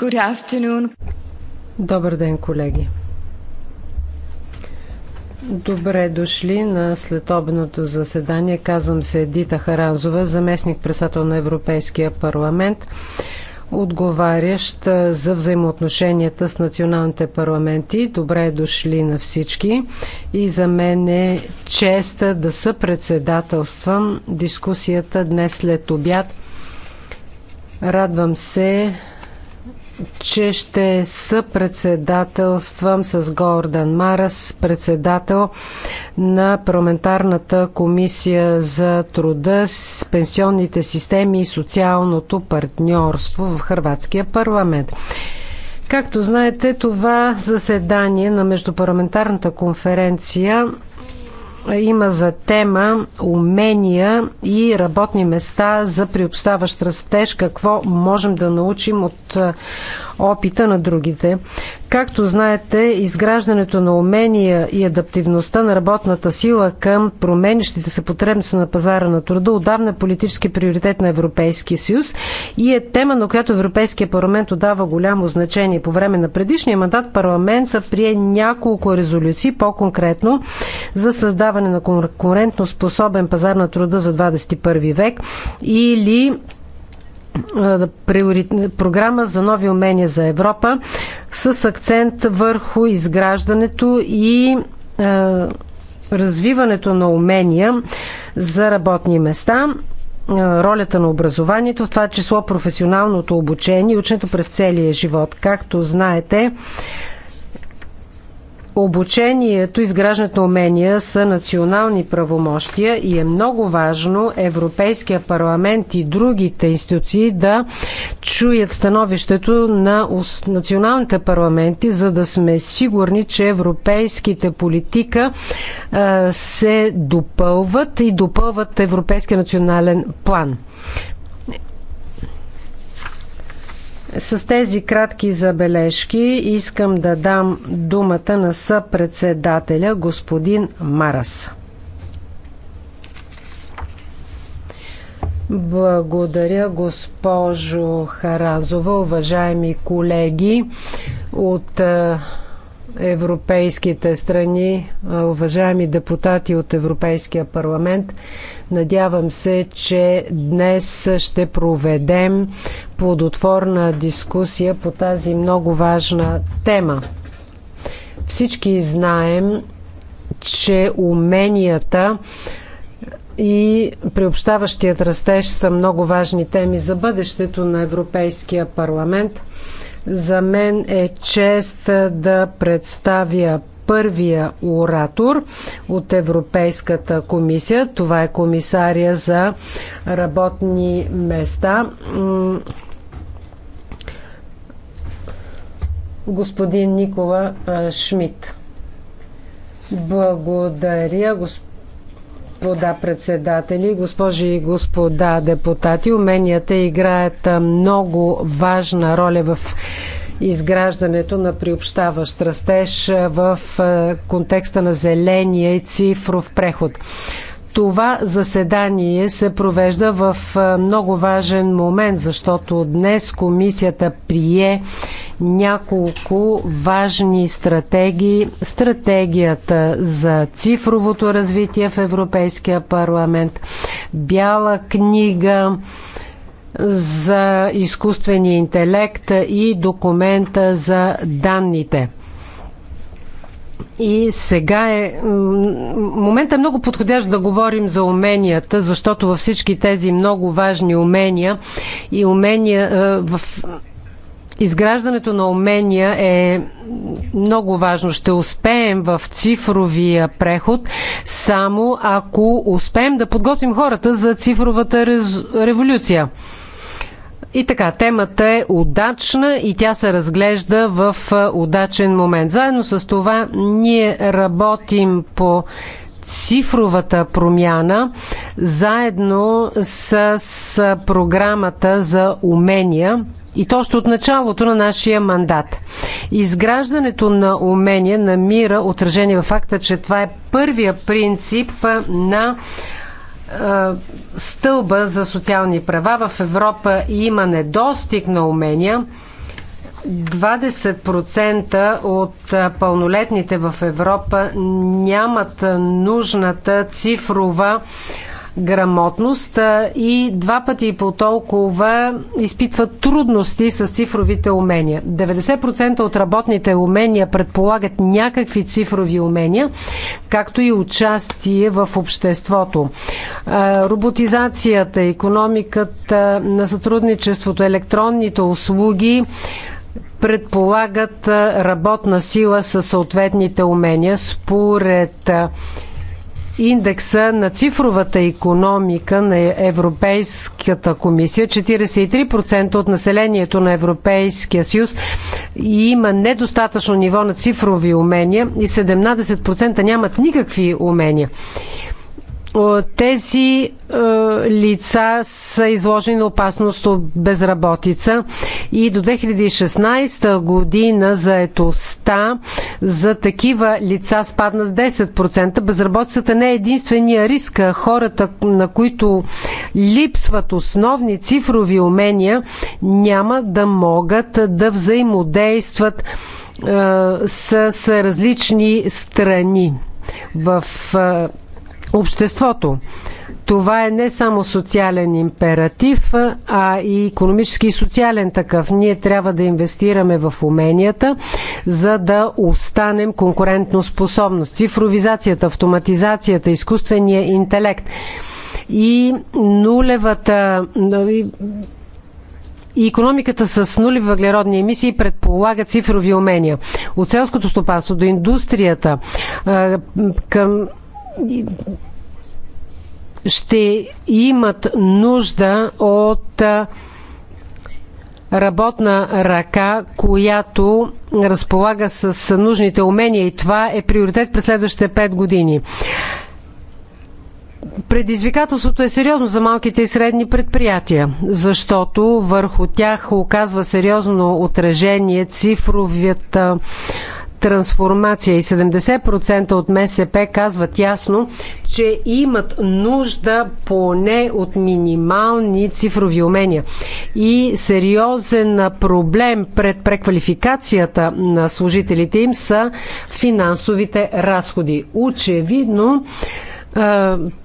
Good afternoon. Добър ден, колеги. Добре дошли на следобедното заседание. Казвам се Едита Харанзова, заместник председател на Европейския парламент, отговарящ за взаимоотношенията с националните парламенти. Добре дошли на всички и за мен е честа да съпредседателствам дискусията днес след обяд. Радвам се че ще съпредседателствам с Гордан Марас, председател на парламентарната комисия за труда, с пенсионните системи и социалното партньорство в Хрватския парламент. Както знаете, това заседание на Междупарламентарната конференция има за тема умения и работни места за приобщаващ растеж. Какво можем да научим от опита на другите? Както знаете, изграждането на умения и адаптивността на работната сила към променящите се потребности на пазара на труда отдавна е политически приоритет на Европейския съюз и е тема, на която Европейския парламент отдава голямо значение. По време на предишния мандат парламента прие няколко резолюции, по-конкретно за създаване на конкурентно способен пазар на труда за 21 век или програма за нови умения за Европа с акцент върху изграждането и развиването на умения за работни места ролята на образованието, в това число професионалното обучение и ученето през целия живот. Както знаете, Обучението, изграждането умения са национални правомощия и е много важно Европейския парламент и другите институции да чуят становището на националните парламенти, за да сме сигурни, че европейските политика се допълват и допълват Европейския национален план. С тези кратки забележки искам да дам думата на съпредседателя господин Марас. Благодаря, госпожо Харазова, уважаеми колеги от европейските страни, уважаеми депутати от Европейския парламент. Надявам се, че днес ще проведем плодотворна дискусия по тази много важна тема. Всички знаем, че уменията и приобщаващият растеж са много важни теми за бъдещето на Европейския парламент – за мен е чест да представя първия оратор от Европейската комисия. Това е комисария за работни места. Господин Никола Шмидт. Благодаря, господин господа председатели, госпожи и господа депутати. Уменията е играят много важна роля в изграждането на приобщаващ растеж в контекста на зеления и цифров преход. Това заседание се провежда в много важен момент, защото днес комисията прие няколко важни стратегии. Стратегията за цифровото развитие в Европейския парламент, бяла книга за изкуствения интелект и документа за данните. И сега е... Моментът е много подходящ да говорим за уменията, защото във всички тези много важни умения и умения е, в Изграждането на умения е много важно. Ще успеем в цифровия преход само ако успеем да подготвим хората за цифровата революция. И така, темата е удачна и тя се разглежда в удачен момент. Заедно с това ние работим по цифровата промяна, заедно с програмата за умения и то още от началото на нашия мандат. Изграждането на умения намира отражение в факта, че това е първия принцип на е, стълба за социални права. В Европа има недостиг на умения. 20% от е, пълнолетните в Европа нямат нужната цифрова грамотност и два пъти по толкова изпитват трудности с цифровите умения. 90% от работните умения предполагат някакви цифрови умения, както и участие в обществото. Роботизацията, економиката на сътрудничеството, електронните услуги предполагат работна сила със съответните умения. Според индекса на цифровата економика на Европейската комисия. 43% от населението на Европейския съюз има недостатъчно ниво на цифрови умения и 17% нямат никакви умения тези е, лица са изложени на опасност от безработица и до 2016 година заетостта за такива лица спадна с 10%. Безработицата не е единствения риск. Хората, на които липсват основни цифрови умения, няма да могат да взаимодействат е, с, с различни страни в е, обществото. Това е не само социален императив, а и економически и социален такъв. Ние трябва да инвестираме в уменията, за да останем конкурентно способност. Цифровизацията, автоматизацията, изкуствения интелект и нулевата и економиката с нули въглеродни емисии предполага цифрови умения. От селското стопанство до индустрията към ще имат нужда от работна ръка, която разполага с нужните умения и това е приоритет през следващите 5 години. Предизвикателството е сериозно за малките и средни предприятия, защото върху тях оказва сериозно отражение цифровията трансформация и 70% от МСП казват ясно, че имат нужда поне от минимални цифрови умения. И сериозен проблем пред преквалификацията на служителите им са финансовите разходи. Очевидно,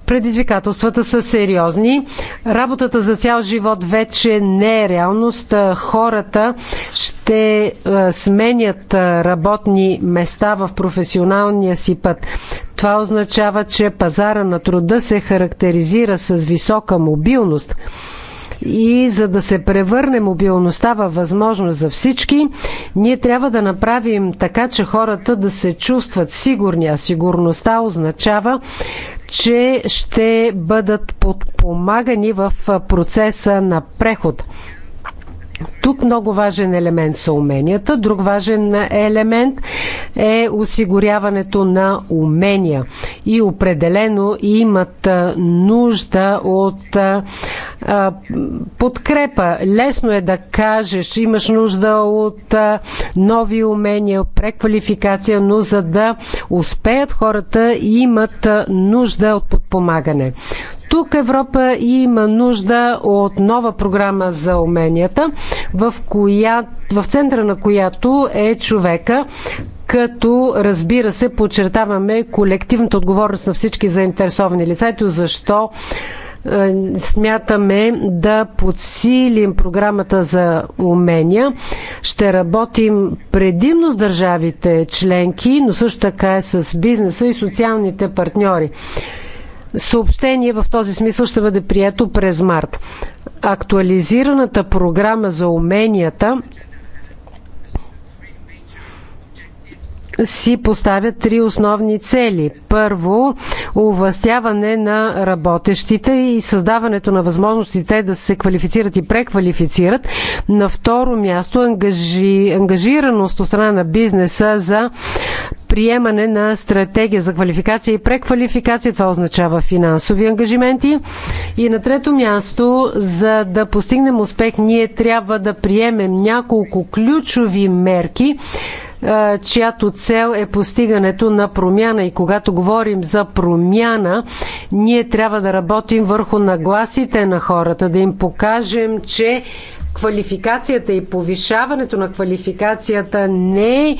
предизвикателствата са сериозни. Работата за цял живот вече не е реалност. Хората ще сменят работни места в професионалния си път. Това означава, че пазара на труда се характеризира с висока мобилност. И за да се превърне мобилността във възможност за всички, ние трябва да направим така, че хората да се чувстват сигурни. А сигурността означава че ще бъдат подпомагани в процеса на преход. Тук много важен елемент са уменията. Друг важен елемент е осигуряването на умения. И определено имат нужда от подкрепа. Лесно е да кажеш, имаш нужда от нови умения, преквалификация, но за да успеят хората имат нужда от подпомагане. Тук Европа има нужда от нова програма за уменията, в, коя, в центъра на която е човека, като разбира се подчертаваме колективната отговорност на всички заинтересовани лица. Ето защо е, смятаме да подсилим програмата за умения. Ще работим предимно с държавите членки, но също така и с бизнеса и социалните партньори. Съобщение в този смисъл ще бъде прието през март. Актуализираната програма за уменията си поставят три основни цели. Първо, увластяване на работещите и създаването на възможности те да се квалифицират и преквалифицират. На второ място, ангажи, ангажираност от страна на бизнеса за приемане на стратегия за квалификация и преквалификация. Това означава финансови ангажименти. И на трето място, за да постигнем успех, ние трябва да приемем няколко ключови мерки, чиято цел е постигането на промяна. И когато говорим за промяна, ние трябва да работим върху нагласите на хората, да им покажем, че квалификацията и повишаването на квалификацията не е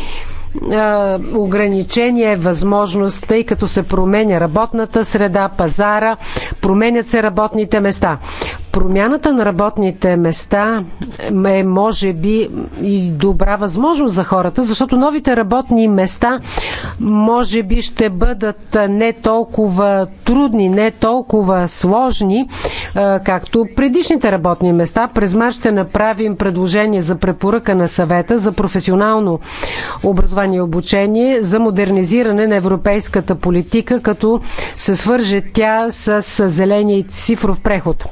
ограничение е възможност, тъй като се променя работната среда, пазара, променят се работните места. Промяната на работните места е, може би, и добра възможност за хората, защото новите работни места, може би, ще бъдат не толкова трудни, не толкова сложни, е, както предишните работни места. През март ще направим предложение за препоръка на съвета за професионално образование и обучение, за модернизиране на европейската политика, като се свърже тя с зеления и цифров преход.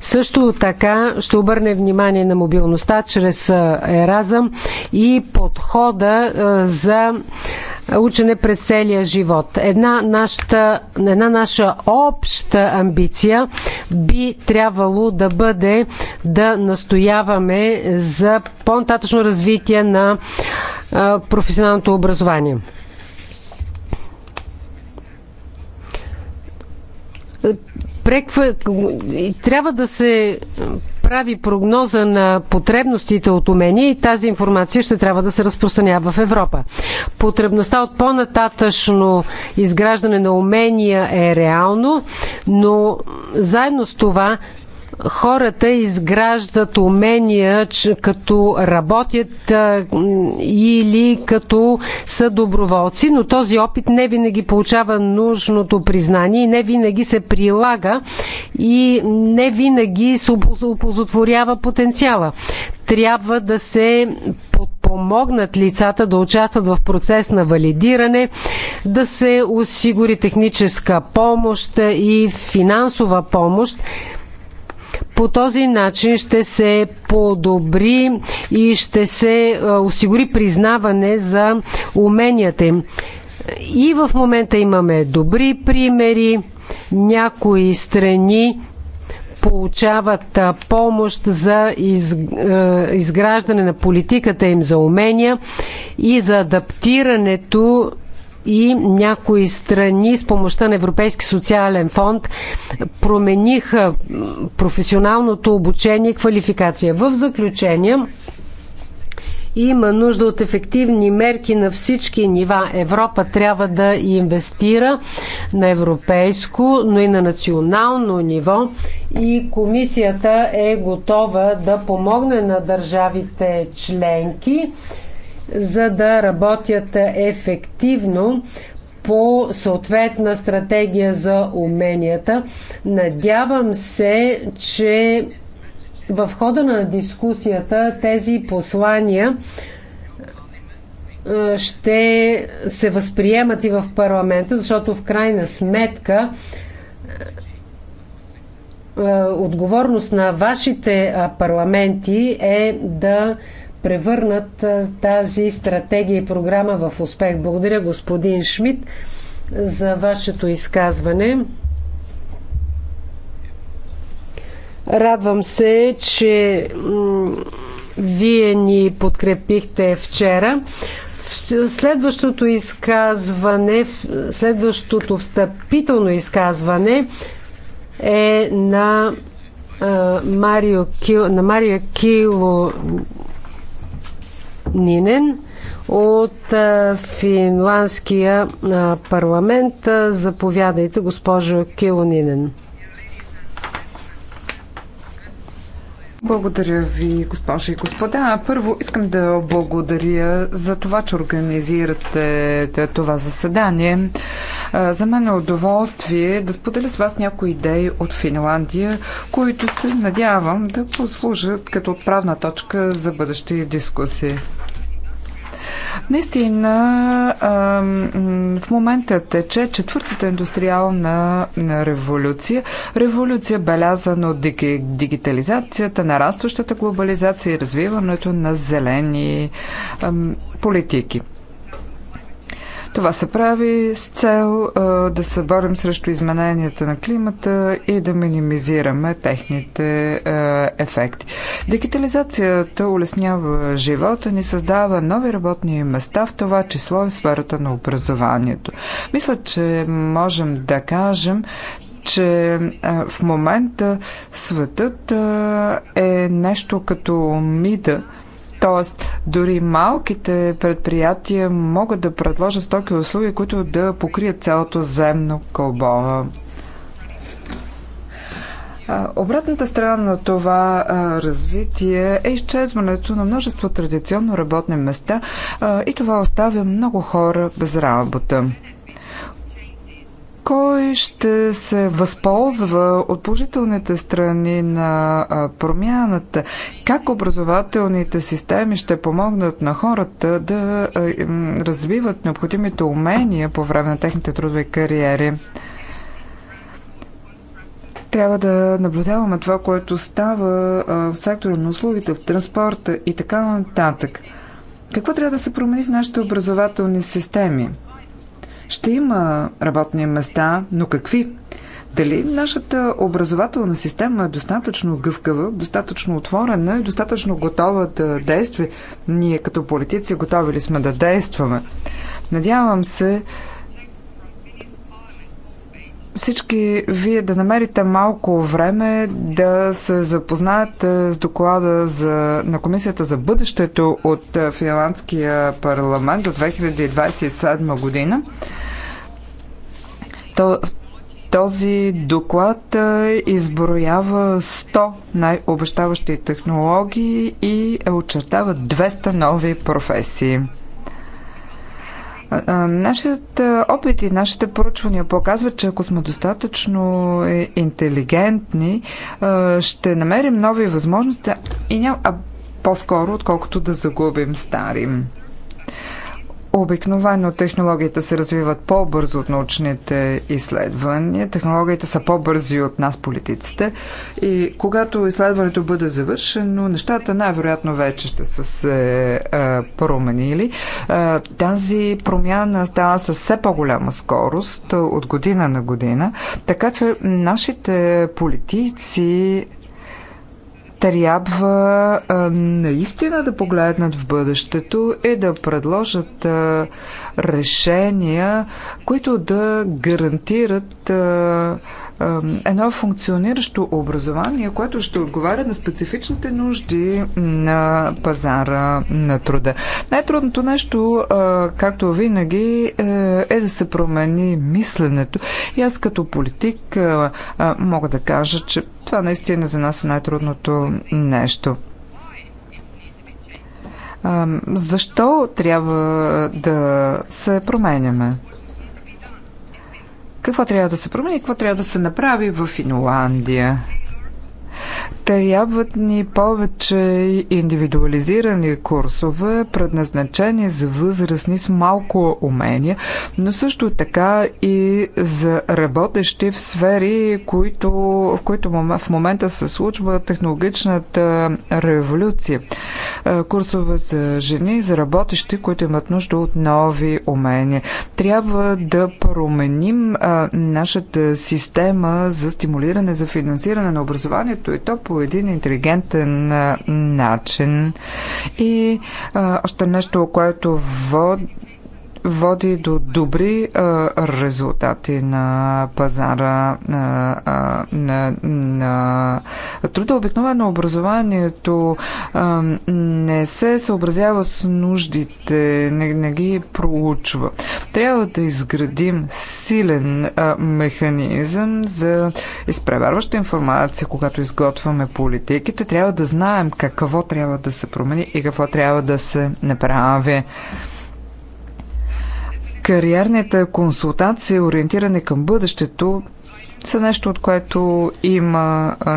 Също така ще обърне внимание на мобилността чрез еразъм и подхода за учене през целия живот. Една наша, една наша обща амбиция би трябвало да бъде да настояваме за по-нататъчно развитие на професионалното образование упреква, трябва да се прави прогноза на потребностите от умения и тази информация ще трябва да се разпространява в Европа. Потребността от по-нататъчно изграждане на умения е реално, но заедно с това хората изграждат умения, че, като работят а, или като са доброволци, но този опит не винаги получава нужното признание и не винаги се прилага и не винаги се опозотворява потенциала. Трябва да се подпомогнат лицата да участват в процес на валидиране, да се осигури техническа помощ и финансова помощ, по този начин ще се подобри и ще се осигури признаване за уменията им. И в момента имаме добри примери. Някои страни получават помощ за изграждане на политиката им за умения и за адаптирането и някои страни с помощта на Европейски социален фонд промениха професионалното обучение и квалификация. В заключение, има нужда от ефективни мерки на всички нива. Европа трябва да инвестира на европейско, но и на национално ниво и комисията е готова да помогне на държавите членки за да работят ефективно по съответна стратегия за уменията. Надявам се, че в хода на дискусията тези послания ще се възприемат и в парламента, защото в крайна сметка отговорност на вашите парламенти е да превърнат тази стратегия и програма в успех. Благодаря господин Шмидт за вашето изказване. Радвам се, че вие ни подкрепихте вчера. Следващото изказване, следващото встъпително изказване е на Марио Кил, на Мария Кило Нинен от финландския парламент. Заповядайте, госпожо Килонинен. Благодаря ви, госпожи и господа. Първо искам да благодаря за това, че организирате това заседание. За мен е удоволствие да споделя с вас някои идеи от Финландия, които се надявам да послужат като отправна точка за бъдещи дискусии. Наистина, в момента тече четвъртата индустриална революция. Революция белязана от дигитализацията, нарастващата глобализация и развиването на зелени политики. Това се прави с цел да се борим срещу измененията на климата и да минимизираме техните ефекти. Дигитализацията улеснява живота ни, създава нови работни места, в това число и сферата на образованието. Мисля, че можем да кажем, че в момента светът е нещо като мида, Тоест, дори малките предприятия могат да предложат стоки и услуги, които да покрият цялото земно кълбо. Обратната страна на това развитие е изчезването на множество традиционно работни места и това оставя много хора без работа. Кой ще се възползва от положителните страни на промяната? Как образователните системи ще помогнат на хората да развиват необходимите умения по време на техните трудови кариери? трябва да наблюдаваме това, което става в сектора на услугите, в транспорта и така нататък. Какво трябва да се промени в нашите образователни системи? Ще има работни места, но какви? Дали нашата образователна система е достатъчно гъвкава, достатъчно отворена и достатъчно готова да действа? Ние като политици готови ли сме да действаме? Надявам се, всички вие да намерите малко време да се запознаете с доклада за, на Комисията за бъдещето от е, Финландския парламент до 2027 година. То, този доклад е, изброява 100 най-обещаващи технологии и е очертава 200 нови професии. Нашият опит и нашите поручвания показват, че ако сме достатъчно е, интелигентни, ще намерим нови възможности и няма, а по-скоро, отколкото да загубим стари. Обикновено технологията се развиват по-бързо от научните изследвания. Технологията са по-бързи от нас, политиците. И когато изследването бъде завършено, нещата най-вероятно вече ще са се е, променили. Е, тази промяна става с все по-голяма скорост от година на година, така че нашите политици трябва а, наистина да погледнат в бъдещето и да предложат а, решения, които да гарантират а, едно функциониращо образование, което ще отговаря на специфичните нужди на пазара на труда. Най-трудното нещо, както винаги, е, е да се промени мисленето. И аз като политик мога да кажа, че това наистина за нас е най-трудното нещо. Защо трябва да се променяме? Какво трябва да се промени, какво трябва да се направи в Финландия? Трябват ни повече индивидуализирани курсове, предназначени за възрастни с малко умения, но също така и за работещи в сфери, които, в които в момента се случва технологичната революция. Е, курсове за жени, за работещи, които имат нужда от нови умения. Трябва да променим е, нашата система за стимулиране, за финансиране на образованието развитието и то по един интелигентен начин. И а, още нещо, което води води до добри а, резултати на пазара на, а, на, на труда. Обикновено образованието а, не се съобразява с нуждите, не, не ги проучва. Трябва да изградим силен а, механизъм за изпреварваща информация, когато изготвяме политиките. Трябва да знаем какво трябва да се промени и какво трябва да се направи кариерните консултации, ориентирани към бъдещето, са нещо, от което има а,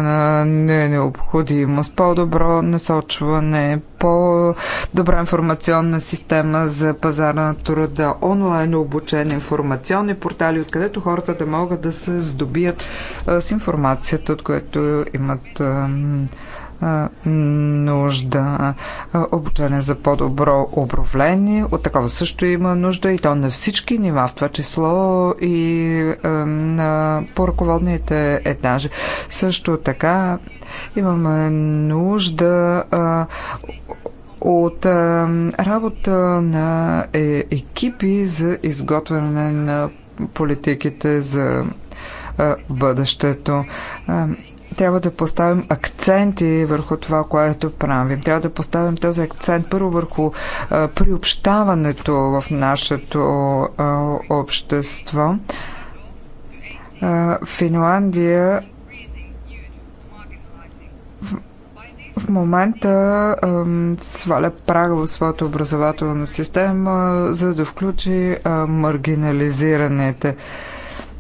не е необходимост, по-добро насочване, по-добра информационна система за пазара на труда, онлайн обучение, информационни портали, откъдето хората да могат да се здобият а, с информацията, от което имат а, нужда. Обучение за по-добро управление. От такова също има нужда и то на всички нива, в това число и на по ръководните етажи. Също така имаме нужда от работа на е, екипи за изготвяне на политиките за бъдещето трябва да поставим акценти върху това, което правим. Трябва да поставим този акцент първо върху а, приобщаването в нашето а, общество. А, Финландия в, момента а, сваля прага в своята образователна система, за да включи а, маргинализираните.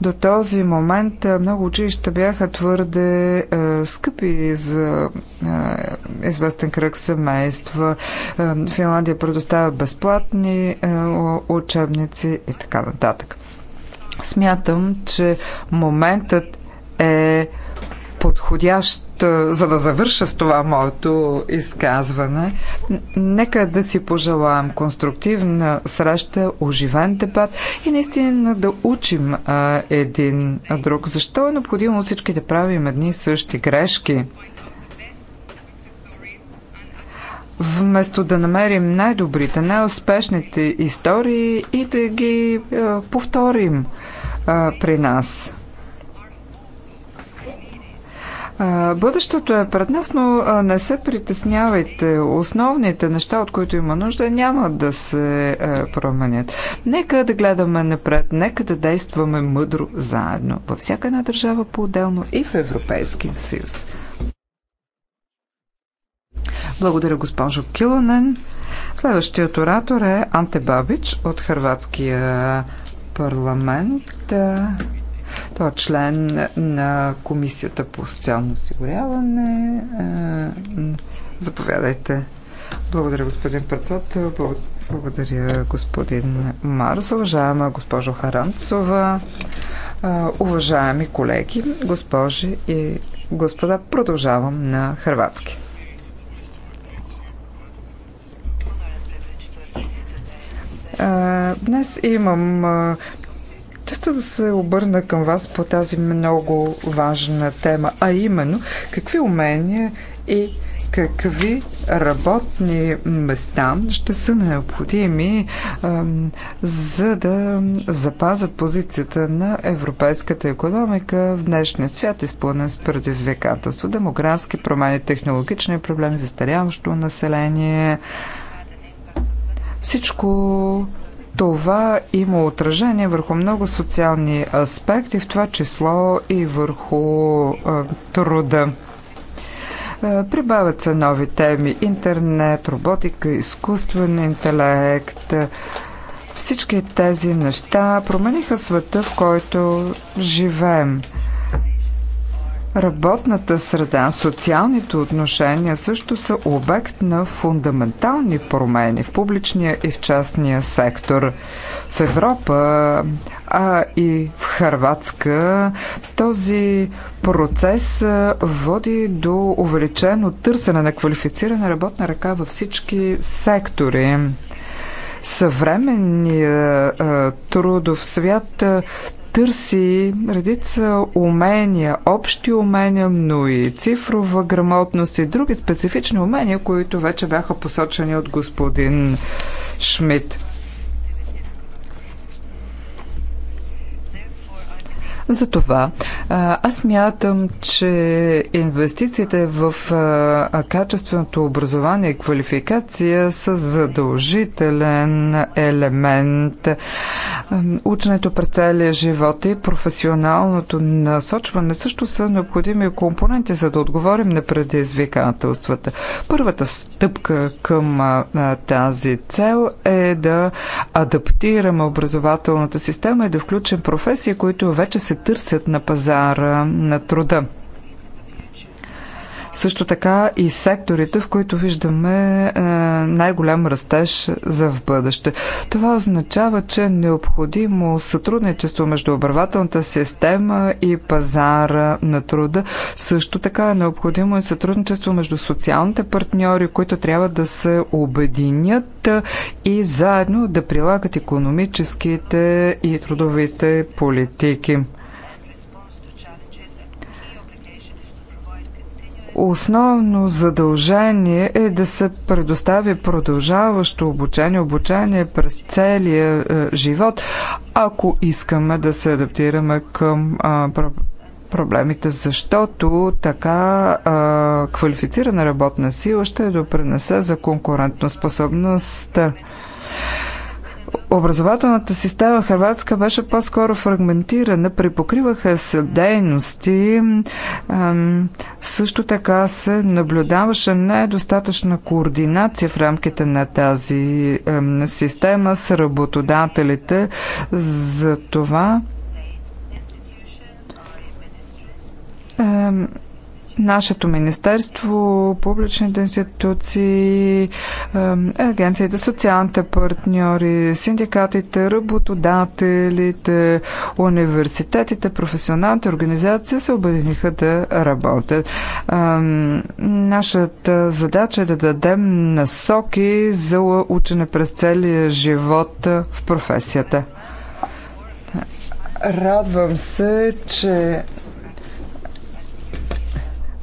До този момент много училища бяха твърде е, скъпи за е, известен кръг семейства. Е, Финландия предоставя безплатни е, учебници и така нататък. Смятам, че моментът е подходящ е, за да завърша с това моето изказване, нека да си пожелаем конструктивна среща, оживен дебат и наистина да учим а, е, един друг. Защо е необходимо всички да правим едни и същи грешки? Вместо да намерим най-добрите, най-успешните истории и да ги а, е, повторим а, при нас. Бъдещето е пред нас, но не се притеснявайте. Основните неща, от които има нужда, няма да се е, променят. Нека да гледаме напред, нека да действаме мъдро заедно във всяка една държава по-отделно и в Европейския съюз. Благодаря, госпожо Килонен. Следващият оратор е Анте Бабич от Хрватския парламент. Той е член на Комисията по социално осигуряване. Е, заповядайте. Благодаря, господин председател. Благодаря, господин Марс. Уважаема госпожо Харанцова, е, уважаеми колеги, госпожи и господа, продължавам на хрватски. Е, днес имам често да се обърна към вас по тази много важна тема, а именно какви умения и какви работни места ще са необходими за да запазят позицията на европейската економика в днешния свят, изпълнен с предизвикателство, демографски промени, технологични проблеми, застаряващо население. Всичко това има отражение върху много социални аспекти, в това число и върху труда. Прибавят се нови теми интернет, роботика, изкуствен интелект. Всички тези неща промениха света, в който живеем. Работната среда, социалните отношения също са обект на фундаментални промени в публичния и в частния сектор. В Европа, а и в Харватска този процес води до увеличено търсене на квалифицирана работна ръка във всички сектори Съвременният трудов свят търси редица умения, общи умения, но и цифрова грамотност и други специфични умения, които вече бяха посочени от господин Шмидт. Затова аз мятам, че инвестициите в качественото образование и квалификация са задължителен елемент. Ученето през целия живот и професионалното насочване също са необходими компоненти, за да отговорим на предизвикателствата. Първата стъпка към тази цел е да адаптираме образователната система и да включим професии, които вече се се търсят на пазара на труда. Също така и секторите, в които виждаме е, най-голям растеж за в бъдеще. Това означава, че е необходимо сътрудничество между обрабателната система и пазара на труда. Също така е необходимо и сътрудничество между социалните партньори, които трябва да се обединят и заедно да прилагат економическите и трудовите политики. Основно задължение е да се предостави продължаващо обучение, обучение през целия е, живот, ако искаме да се адаптираме към проблемите, защото така а, квалифицирана работна сила ще допринесе за конкурентоспособността образователната система в Хрватска беше по-скоро фрагментирана, припокриваха се дейности, също така се наблюдаваше недостатъчна координация в рамките на тази система с работодателите. За това нашето министерство, публичните институции, агенциите, социалните партньори, синдикатите, работодателите, университетите, професионалните организации се обединиха да работят. Нашата задача е да дадем насоки за учене през целия живот в професията. Радвам се, че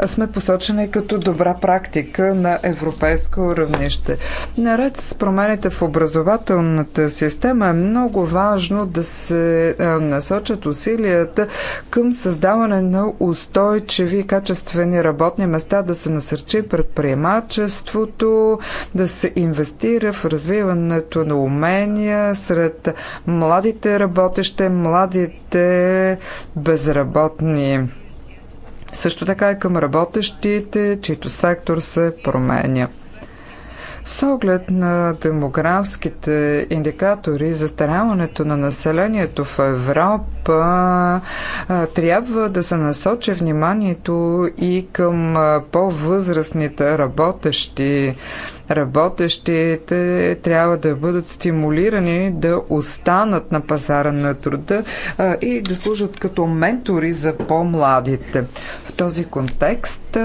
сме посочени като добра практика на европейско равнище. Наред с промените в образователната система е много важно да се насочат усилията към създаване на устойчиви и качествени работни места, да се насърчи предприемачеството, да се инвестира в развиването на умения сред младите работещи, младите безработни. Също така и към работещите, чието сектор се променя. С оглед на демографските индикатори, за старяването на населението в Европа, трябва да се насочи вниманието и към по-възрастните работещи. Работещите трябва да бъдат стимулирани да останат на пазара на труда и да служат като ментори за по-младите. В този контекст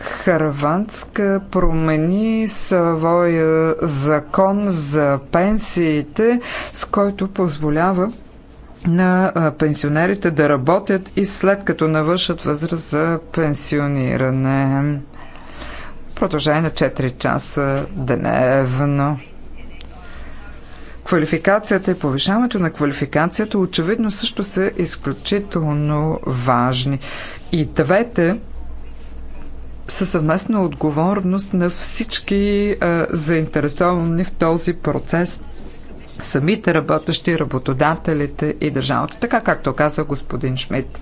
Харванска промени своя закон за пенсиите, с който позволява на пенсионерите да работят и след като навършат възраст за пенсиониране. Продължение на 4 часа дневно. Квалификацията и повишаването на квалификацията очевидно също са изключително важни. И двете със съвместна отговорност на всички а, заинтересовани в този процес самите работещи, работодателите и държавата, така както каза господин Шмидт.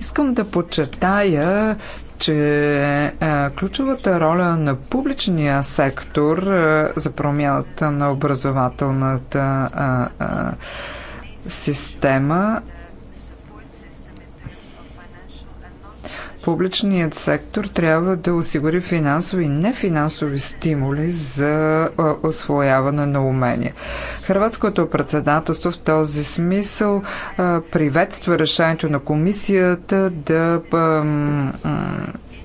Искам да подчертая, че а, ключовата роля на публичния сектор а, за промяната на образователната а, а, система публичният сектор трябва да осигури финансови и нефинансови стимули за освояване на умения. Хрватското председателство в този смисъл приветства решението на комисията да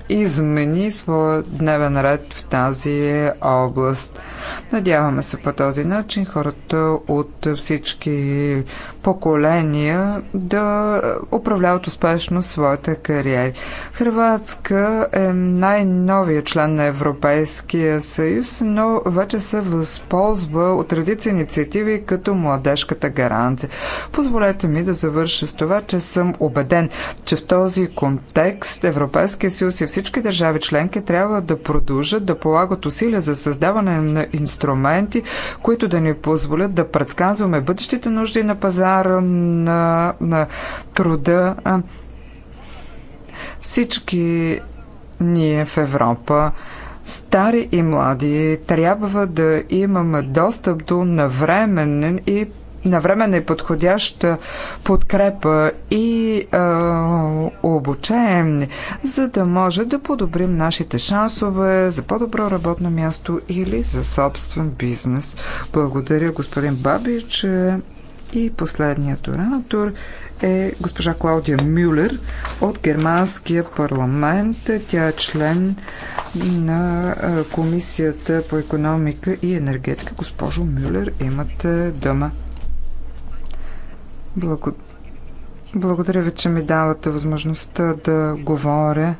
измени своя дневен ред в тази област. Надяваме се по този начин хората от всички поколения да управляват успешно своята кариера. Хрватска е най-новия член на Европейския съюз, но вече се възползва от редица инициативи като младежката гаранция. Позволете ми да завърша с това, че съм убеден, че в този контекст Европейския съюз и всички държави членки трябва да продължат да полагат усилия за създаване на инструменти, които да ни позволят да предсказваме бъдещите нужди на пазара, на, на труда. Всички ние в Европа стари и млади, трябва да имаме достъп до навременен и навременна и подходяща подкрепа и обучение, за да може да подобрим нашите шансове за по-добро работно място или за собствен бизнес. Благодаря господин Бабич и последният оратор е госпожа Клаудия Мюлер от Германския парламент. Тя е член на Комисията по економика и енергетика. Госпожо Мюлер, имате дома. Благо... Благодаря ви, че ми давате възможността да говоря.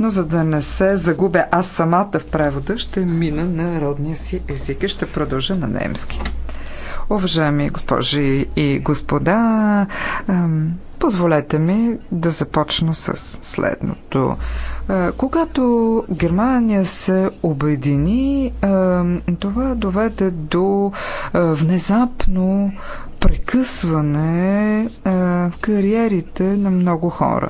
Но за да не се загубя аз самата в превода, ще мина на родния си език и ще продължа на немски. Уважаеми госпожи и господа, позволете ми да започна с следното. Когато Германия се обедини, това доведе до внезапно прекъсване в кариерите на много хора.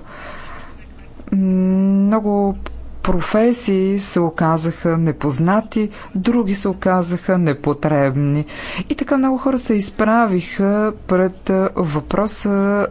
Много професии се оказаха непознати, други се оказаха непотребни. И така много хора се изправиха пред въпроса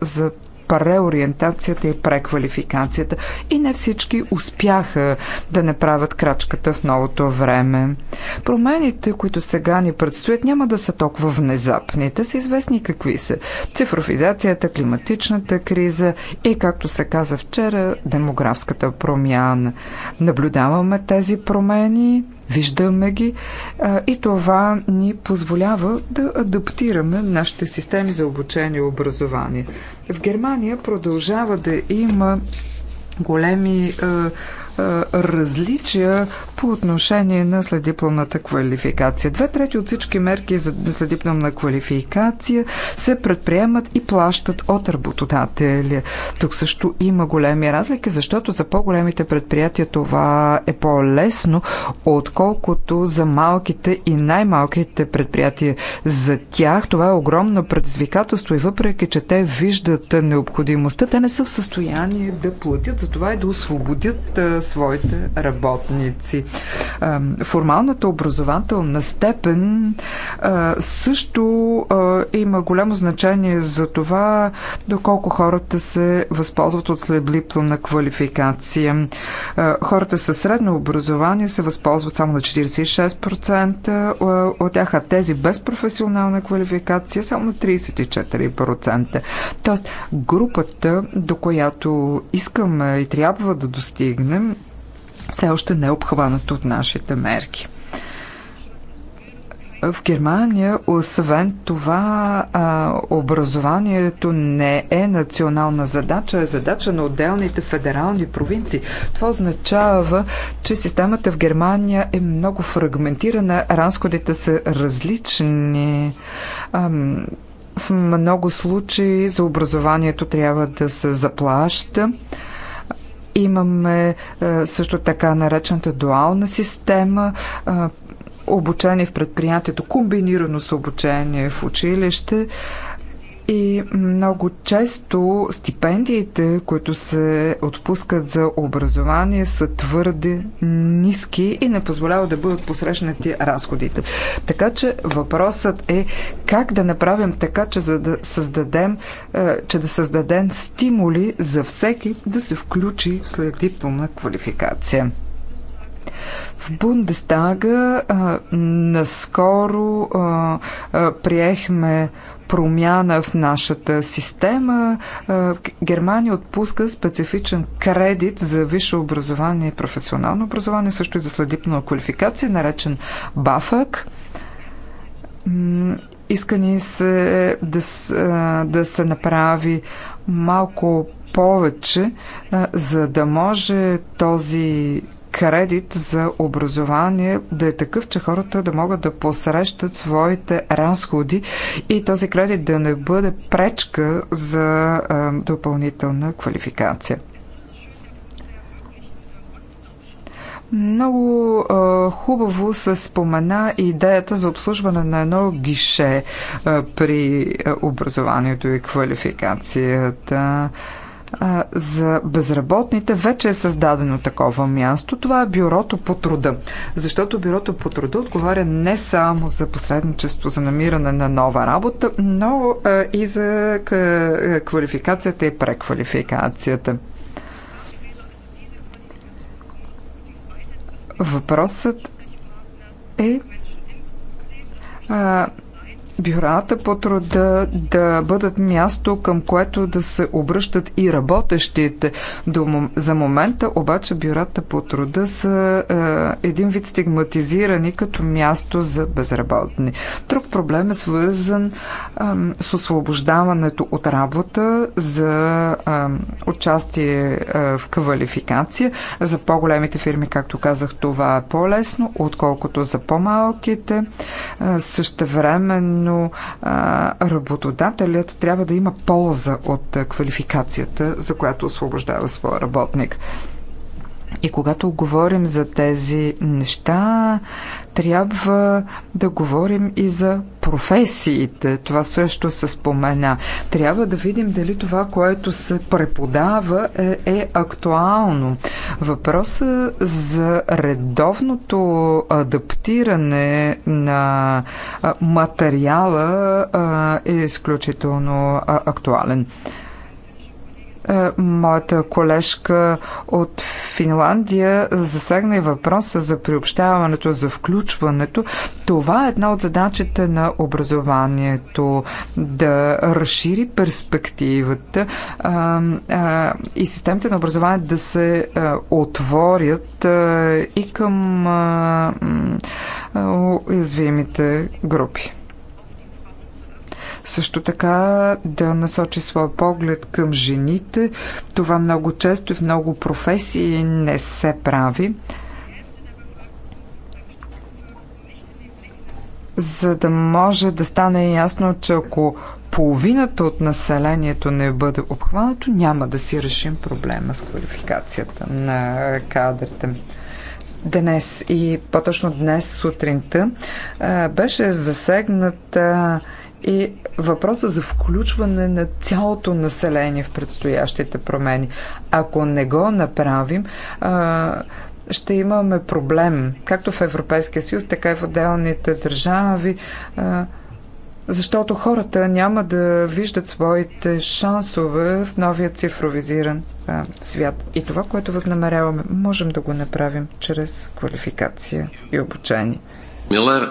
за преориентацията и преквалификацията. И не всички успяха да направят крачката в новото време. Промените, които сега ни предстоят, няма да са толкова внезапни. Те са известни какви са. Цифровизацията, климатичната криза и, както се каза вчера, демографската промяна. Наблюдаваме тези промени, виждаме ги а, и това ни позволява да адаптираме нашите системи за обучение и образование. В Германия продължава да има големи а, е, различия по отношение на следипломната квалификация. Две трети от всички мерки за следипломна квалификация се предприемат и плащат от работодателя. Тук също има големи разлики, защото за по-големите предприятия това е по-лесно, отколкото за малките и най-малките предприятия. За тях това е огромно предизвикателство и въпреки, че те виждат необходимостта, те не са в състояние да платят за това и да освободят е, своите работници. Формалната образователна степен също има голямо значение за това, доколко хората се възползват от на квалификация. Хората със средно образование се възползват само на 46% от тях, а тези без професионална квалификация само на 34%. Тоест, групата, до която искаме и трябва да достигнем, все още не е обхванато от нашите мерки. В Германия, освен това, образованието не е национална задача, е задача на отделните федерални провинции. Това означава, че системата в Германия е много фрагментирана, разходите са различни. В много случаи за образованието трябва да се заплаща. Имаме е, също така наречената дуална система, е, обучение в предприятието, комбинирано с обучение в училище. И много често стипендиите, които се отпускат за образование, са твърде ниски и не позволяват да бъдат посрещнати разходите. Така че въпросът е как да направим така, че за да създадем, е, че да създадем стимули за всеки да се включи след дипломна квалификация. В Бундестага а, наскоро а, а, приехме промяна в нашата система. Германия отпуска специфичен кредит за висше образование и професионално образование, също и за следипна квалификация, наречен БАФАК. Искани се да, да се направи малко повече, за да може този кредит за образование да е такъв, че хората да могат да посрещат своите разходи и този кредит да не бъде пречка за допълнителна квалификация. Много а, хубаво се спомена идеята за обслужване на едно гише а, при а, образованието и квалификацията. А, за безработните вече е създадено такова място. Това е бюрото по труда. Защото бюрото по труда отговаря не само за посредничество, за намиране на нова работа, но и за е, квалификацията и преквалификацията. Въпросът е а, бюрата по труда да бъдат място, към което да се обръщат и работещите. За момента обаче бюрата по труда са е, един вид стигматизирани като място за безработни. Друг проблем е свързан е, с освобождаването от работа за е, участие е, в квалификация. За по-големите фирми, както казах, това е по-лесно, отколкото за по-малките. Е, същевременно а, работодателят трябва да има полза от квалификацията, за която освобождава своя работник. И когато говорим за тези неща, трябва да говорим и за професиите. Това също се спомена. Трябва да видим дали това, което се преподава, е, е актуално. Въпросът за редовното адаптиране на материала е изключително актуален. Е, моята колежка от Финландия засегна и въпроса за приобщаването, за включването. Това е една от задачите на образованието да разшири перспективата а, а, и системите на образование да се а, отворят а, и към уязвимите групи. Също така да насочи своя поглед към жените. Това много често и в много професии не се прави. за да може да стане ясно, че ако половината от населението не бъде обхванато, няма да си решим проблема с квалификацията на кадрите. Днес и по-точно днес сутринта беше засегната и въпроса за включване на цялото население в предстоящите промени. Ако не го направим, ще имаме проблем, както в Европейския съюз, така и в отделните държави, защото хората няма да виждат своите шансове в новия цифровизиран свят. И това, което възнамеряваме, можем да го направим чрез квалификация и обучение. Милер,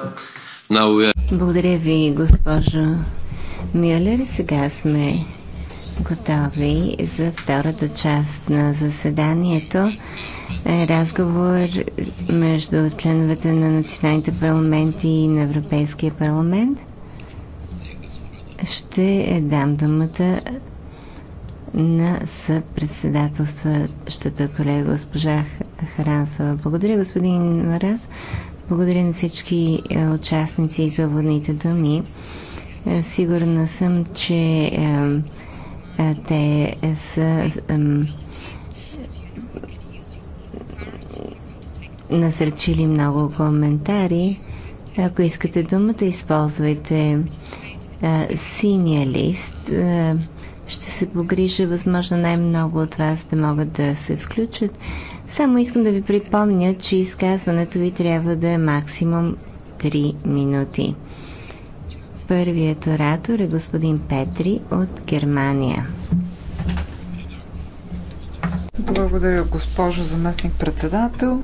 благодаря ви, госпожо Мюллер. Сега сме готови за втората част на заседанието. Е, разговор между членовете на националните парламенти и на Европейския парламент. Ще дам думата на съпредседателстващата колега госпожа Харансова. Благодаря, господин Мараз. Благодаря на всички е, участници за водните думи. Е, сигурна съм, че е, те са насърчили много коментари. Ако искате думата, използвайте синия лист. ще се погрижа възможно най-много от вас да могат да се включат. Само искам да ви припомня, че изказването ви трябва да е максимум 3 минути. Първият оратор е господин Петри от Германия. Благодаря, госпожо заместник-председател.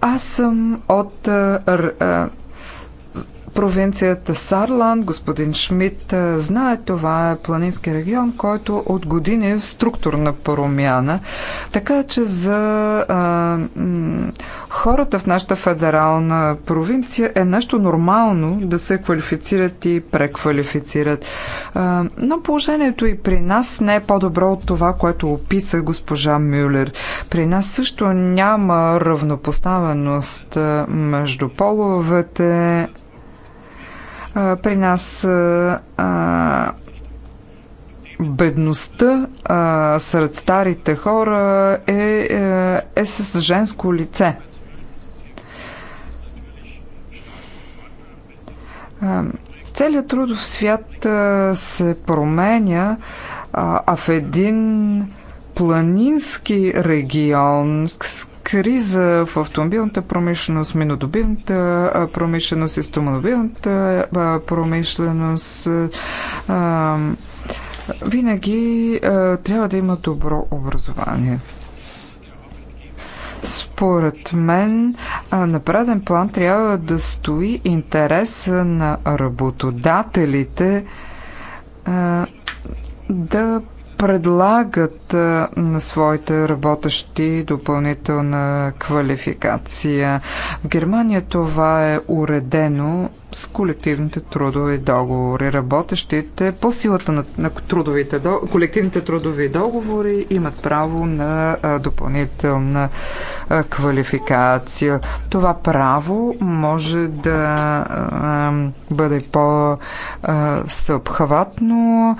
Аз съм от провинцията Сарланд. Господин Шмидт е, знае, това е планински регион, който от години е в структурна промяна. Така че за а, е, хората в нашата федерална провинция е нещо нормално да се квалифицират и преквалифицират. А, е, но положението и при нас не е по-добро от това, което описа госпожа Мюлер. При нас също няма равнопоставеност между половете при нас бедността а, сред старите хора е, е, е с женско лице. целият трудов свят а, се променя, а, а в един планински регион, с криза в автомобилната промишленост, минодобивната промишленост и стоманобивната промишленост. Винаги трябва да има добро образование. Според мен на преден план трябва да стои интереса на работодателите да предлагат на своите работещи допълнителна квалификация. В Германия това е уредено с колективните трудови договори. Работещите по силата на, на трудовите, колективните трудови договори имат право на а, допълнителна а, квалификация. Това право може да а, бъде по-съобхватно,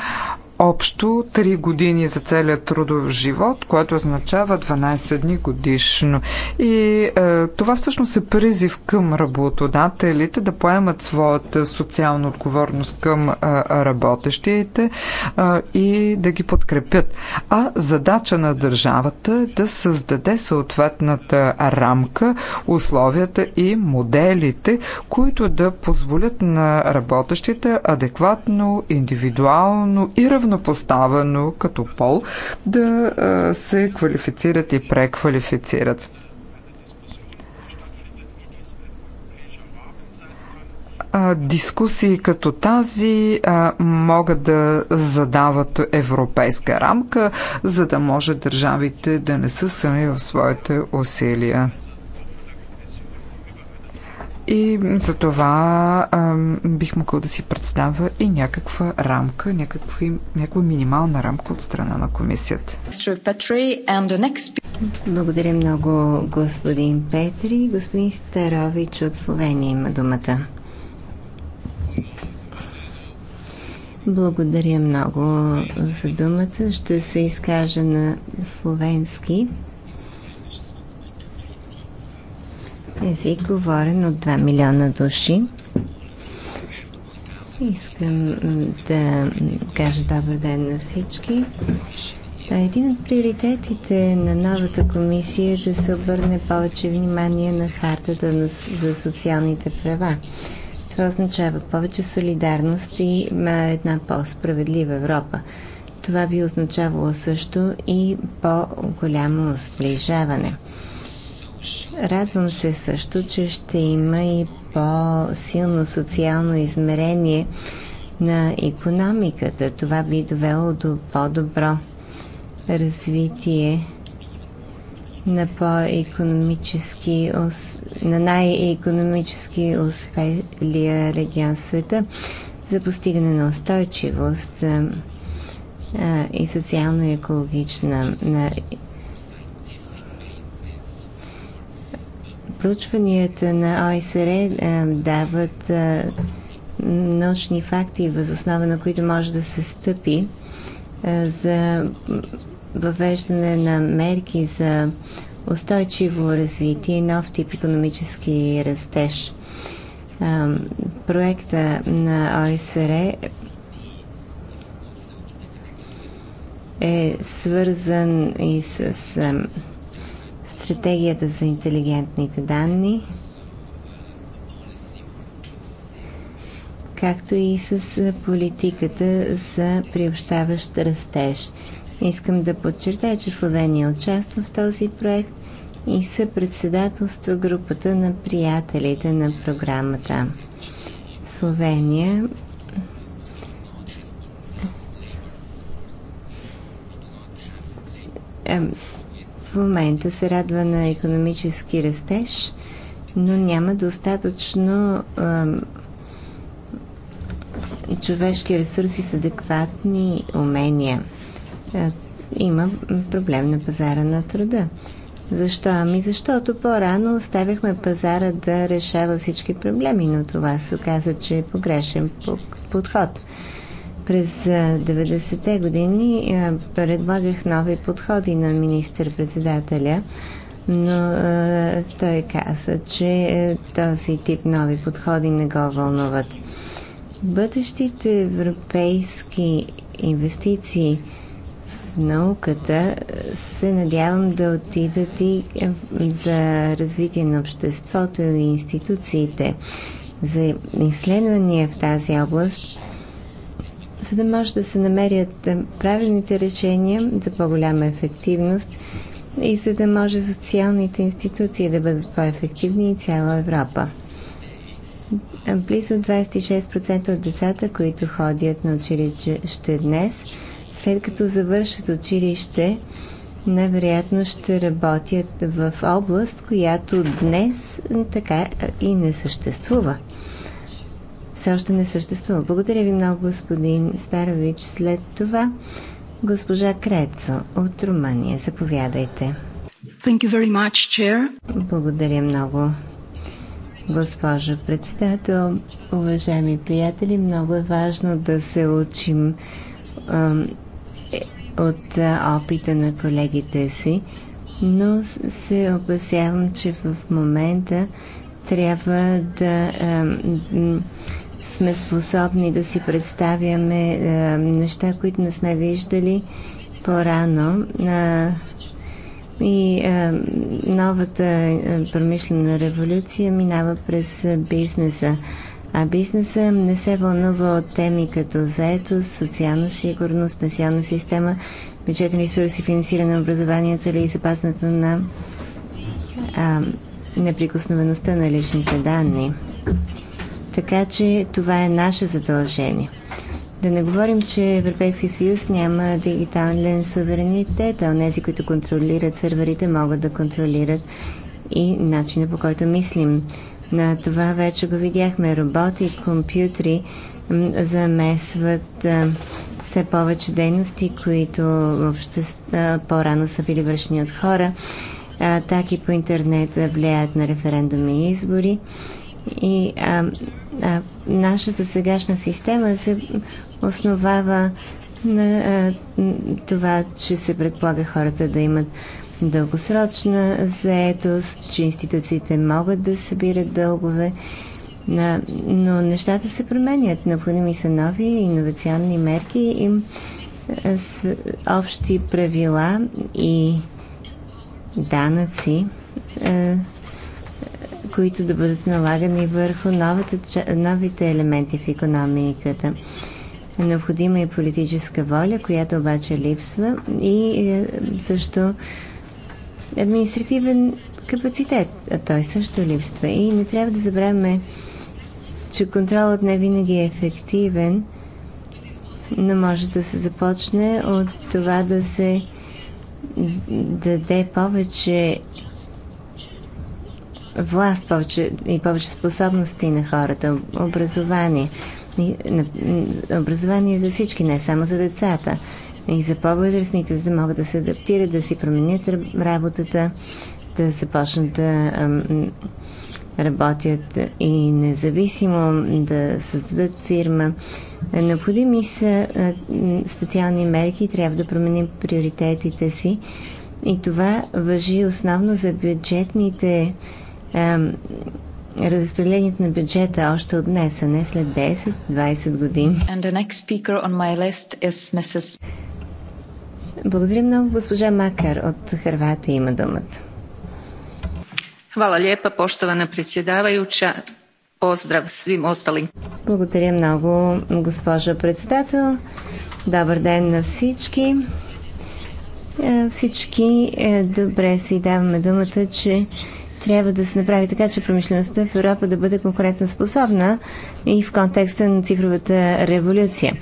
общо 3 години за целият трудов живот, което означава 12 дни годишно. И е, това всъщност е призив към работодателите да поемат своята социална отговорност към е, работещите е, и да ги подкрепят. А задача на държавата е да създаде съответната рамка, условията и моделите, които да позволят на работещите адекватно, индивидуално и равно равнопоставено като пол да се квалифицират и преквалифицират. дискусии като тази могат да задават европейска рамка, за да може държавите да не са сами в своите усилия. И за това а, бих могъл да си представя и някаква рамка, някакви, някаква минимална рамка от страна на комисията. Благодаря много, господин Петри. Господин Старович от Словения има думата. Благодаря много за думата. Ще се изкажа на словенски. език, говорен от 2 милиона души. Искам да кажа добър ден на всички. Един от приоритетите на новата комисия е да се обърне повече внимание на хартата за социалните права. Това означава повече солидарност и една по-справедлива Европа. Това би означавало също и по-голямо сближаване – Радвам се също, че ще има и по-силно социално измерение на економиката. Това би довело до по-добро развитие на, по-економически, на най-економически успелия регион в света за постигане на устойчивост и социално-екологична проучванията на ОСР е, дават е, научни факти, възоснова на които може да се стъпи е, за въвеждане на мерки за устойчиво развитие и нов тип економически растеж. Проекта на ОСР е свързан и с стратегията за интелигентните данни, както и с политиката за приобщаващ растеж. Искам да подчертая, че Словения участва в този проект и председателства групата на приятелите на програмата. Словения в момента се радва на економически растеж, но няма достатъчно а, човешки ресурси с адекватни умения. А, има проблем на пазара на труда. Защо? Ами защото по-рано оставяхме пазара да решава всички проблеми, но това се оказа, че е погрешен подход. През 90-те години предлагах нови подходи на министър-председателя, но той каза, че този тип нови подходи не го вълнуват. Бъдещите европейски инвестиции в науката се надявам да отидат и за развитие на обществото и институциите. За изследвания в тази област за да може да се намерят е, правилните решения за по-голяма ефективност и за да може социалните институции да бъдат по-ефективни и цяла Европа. Близо 26% от децата, които ходят на училище днес, след като завършат училище, най-вероятно ще работят в област, която днес така и не съществува все още не съществува. Благодаря ви много, господин Старович. След това госпожа Крецо от Румъния. Заповядайте. Thank you very much, chair. Благодаря много, госпожа председател. Уважаеми приятели, много е важно да се учим е, от опита на колегите си, но се опасявам, че в момента трябва да сме способни да си представяме е, неща, които не сме виждали по-рано. Е, и е, новата е, промишлена революция минава през бизнеса. А бизнеса не се вълнува от теми като заето, социална сигурност, пенсионна система, бюджетни ресурси, финансиране на образованието или запазването на а, неприкосновеността на личните данни. Така че това е наше задължение. Да не говорим, че Европейския съюз няма дигитален суверенитет, а тези, които контролират серверите, могат да контролират и начина по който мислим. На това вече го видяхме. Роботи, компютри замесват все повече дейности, които въобще по-рано са били вършени от хора. Атаки по интернет влияят на референдуми и избори. И а, а нашата сегашна система се основава на а, това, че се предполага хората да имат дългосрочна заетост, че институциите могат да събират дългове, а, но нещата се променят. Необходими са нови иновационни мерки и с общи правила и данъци които да бъдат налагани върху новата, новите елементи в економиката. Необходима е политическа воля, която обаче липсва и е, също административен капацитет, а той също липсва. И не трябва да забравяме, че контролът не винаги е ефективен, но може да се започне от това да се даде повече власт повече, и повече способности на хората, образование. И, на, образование за всички, не само за децата. И за по-възрастните, за да могат да се адаптират, да си променят работата, да започнат да работят и независимо да създадат фирма. Необходими са специални мерки и трябва да променим приоритетите си. И това въжи основно за бюджетните разпределението на бюджета още от днес, а не след 10-20 години. And the next speaker on my list is Mrs. Благодаря много. Госпожа Макар от Харватия има думата. Благодаря много, госпожа председател. Добър ден на всички. Е, всички е, добре си даваме думата, че трябва да се направи така, че промишлеността в Европа да бъде конкурентоспособна и в контекста на цифровата революция.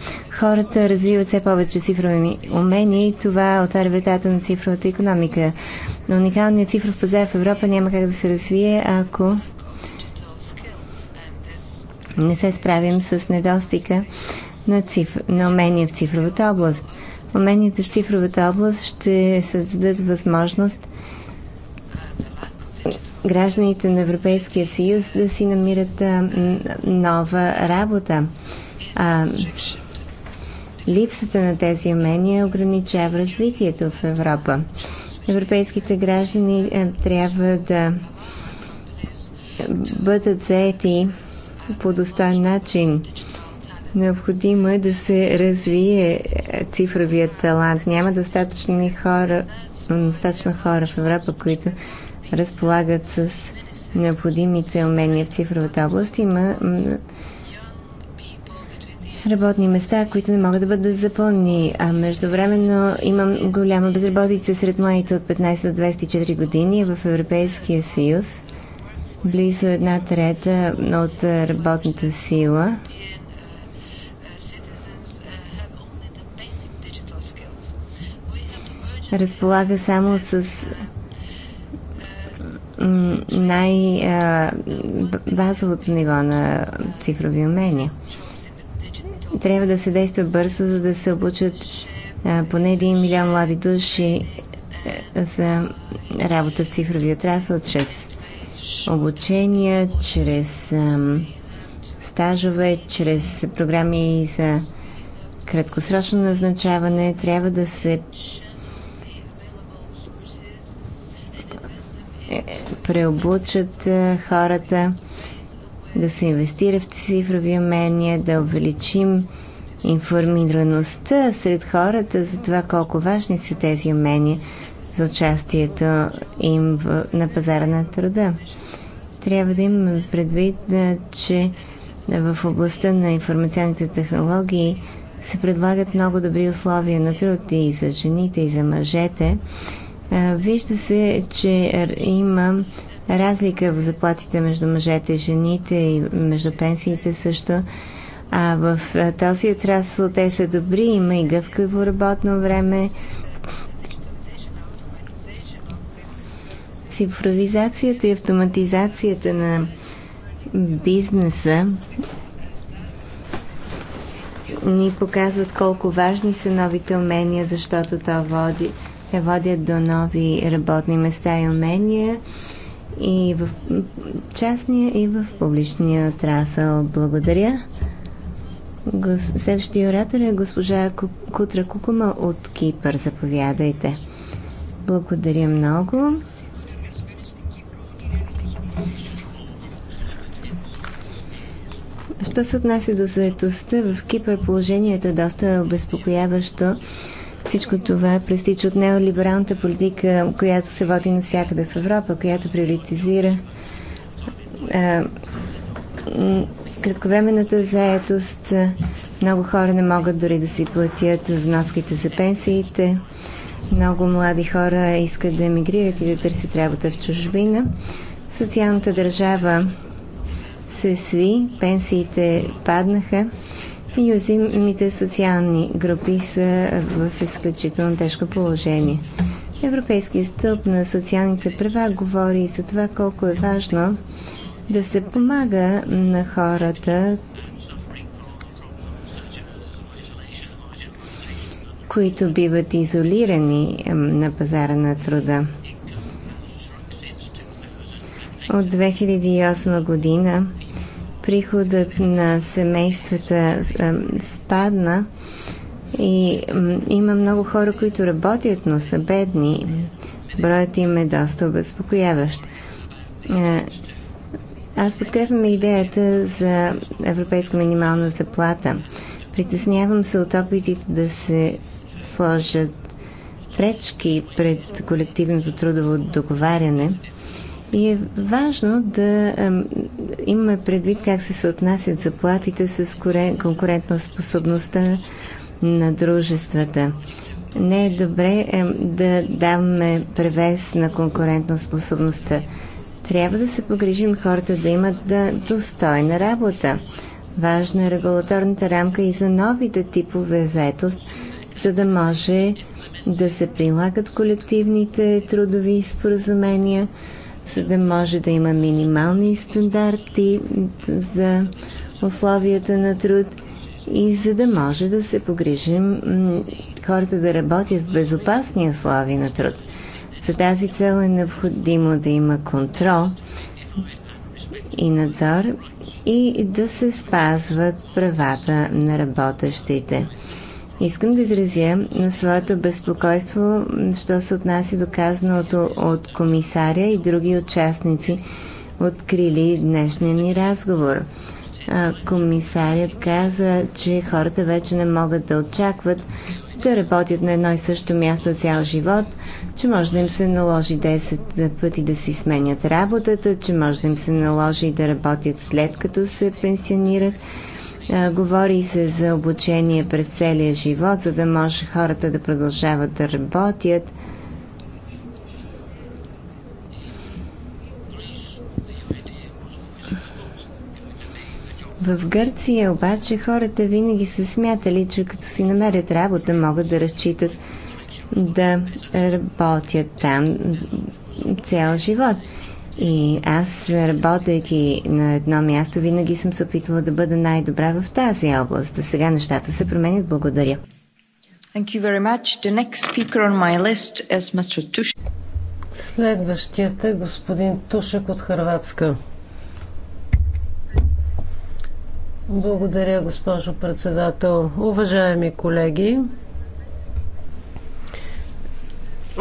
Хората развиват все повече цифрови умения и това отваря вратата на цифровата економика. Но уникалният цифров пазар в Европа няма как да се развие, ако не се справим с недостига на, циф... на умения в цифровата област. Уменията в цифровата област ще създадат възможност гражданите на Европейския съюз да си намират а, нова работа. А, липсата на тези умения ограничава развитието в Европа. Европейските граждани а, трябва да бъдат заети по достоен начин. Необходимо е да се развие цифровия талант. Няма достатъчно хора, достатъчно хора в Европа, които разполагат с необходимите умения в цифровата област. Има работни места, които не могат да бъдат запълни, А междувременно имам голяма безработица сред младите от 15 до 24 години в Европейския съюз. Близо една трета от работната сила разполага само с най-базовото ниво на цифрови умения. Трябва да се действа бързо, за да се обучат поне 1 милион млади души за работа в цифрови отрасъл чрез обучения, чрез стажове, чрез програми за краткосрочно назначаване. Трябва да се преобучат е, хората, да се инвестира в цифрови умения, да увеличим информираността сред хората за това колко важни са тези умения за участието им в, на пазара на труда. Трябва да имаме предвид, е, че е, в областта на информационните технологии се предлагат много добри условия на труд и за жените, и за мъжете. Е, вижда се, че има разлика в заплатите между мъжете и жените и между пенсиите също. А в е, този отрасъл те са добри, има и гъвкаво работно време. Цифровизацията и автоматизацията на бизнеса ни показват колко важни са новите умения, защото то води те водят до нови работни места и умения и в частния, и в публичния отрасъл. Благодаря. Следващия оратор е госпожа Кутра Кукума от Кипър. Заповядайте. Благодаря много. Що се отнася до заедостта, в Кипър положението е доста обезпокояващо всичко това престича от неолибералната политика, която се води навсякъде в Европа, която приоритизира а, кратковременната заетост. Много хора не могат дори да си платят вноските за пенсиите. Много млади хора искат да емигрират и да търсят работа в чужбина. Социалната държава се сви, пенсиите паднаха Юзимите социални групи са в изключително тежко положение. Европейския стълб на социалните права говори и за това колко е важно да се помага на хората, които биват изолирани на пазара на труда. От 2008 година приходът на семействата спадна и има много хора, които работят, но са бедни. Броят им е доста обезпокояващ. Аз подкрепям идеята за европейска минимална заплата. Притеснявам се от опитите да се сложат пречки пред колективното трудово договаряне и е важно да имаме предвид как се съотнасят заплатите с конкурентно способността на дружествата. Не е добре да даваме превес на конкурентно способността. Трябва да се погрижим хората да имат да достойна работа. Важна е регулаторната рамка и за новите типове заетост, за да може да се прилагат колективните трудови споразумения, за да може да има минимални стандарти за условията на труд и за да може да се погрижим хората да работят в безопасни условия на труд. За тази цел е необходимо да има контрол и надзор и да се спазват правата на работещите. Искам да изразя на своето безпокойство, що се отнася до казаното от комисаря и други участници, открили днешния ни разговор. Комисарят каза, че хората вече не могат да очакват да работят на едно и също място цял живот, че може да им се наложи 10 пъти да си сменят работата, че може да им се наложи да работят след като се пенсионират Говори се за обучение през целия живот, за да може хората да продължават да работят. В Гърция обаче хората винаги са смятали, че като си намерят работа, могат да разчитат да работят там цял живот. И аз, работейки на едно място, винаги съм се опитвала да бъда най-добра в тази област. А сега нещата се променят. Благодаря. Следващият е господин Тушек от Харватска. Благодаря, госпожо председател. Уважаеми колеги,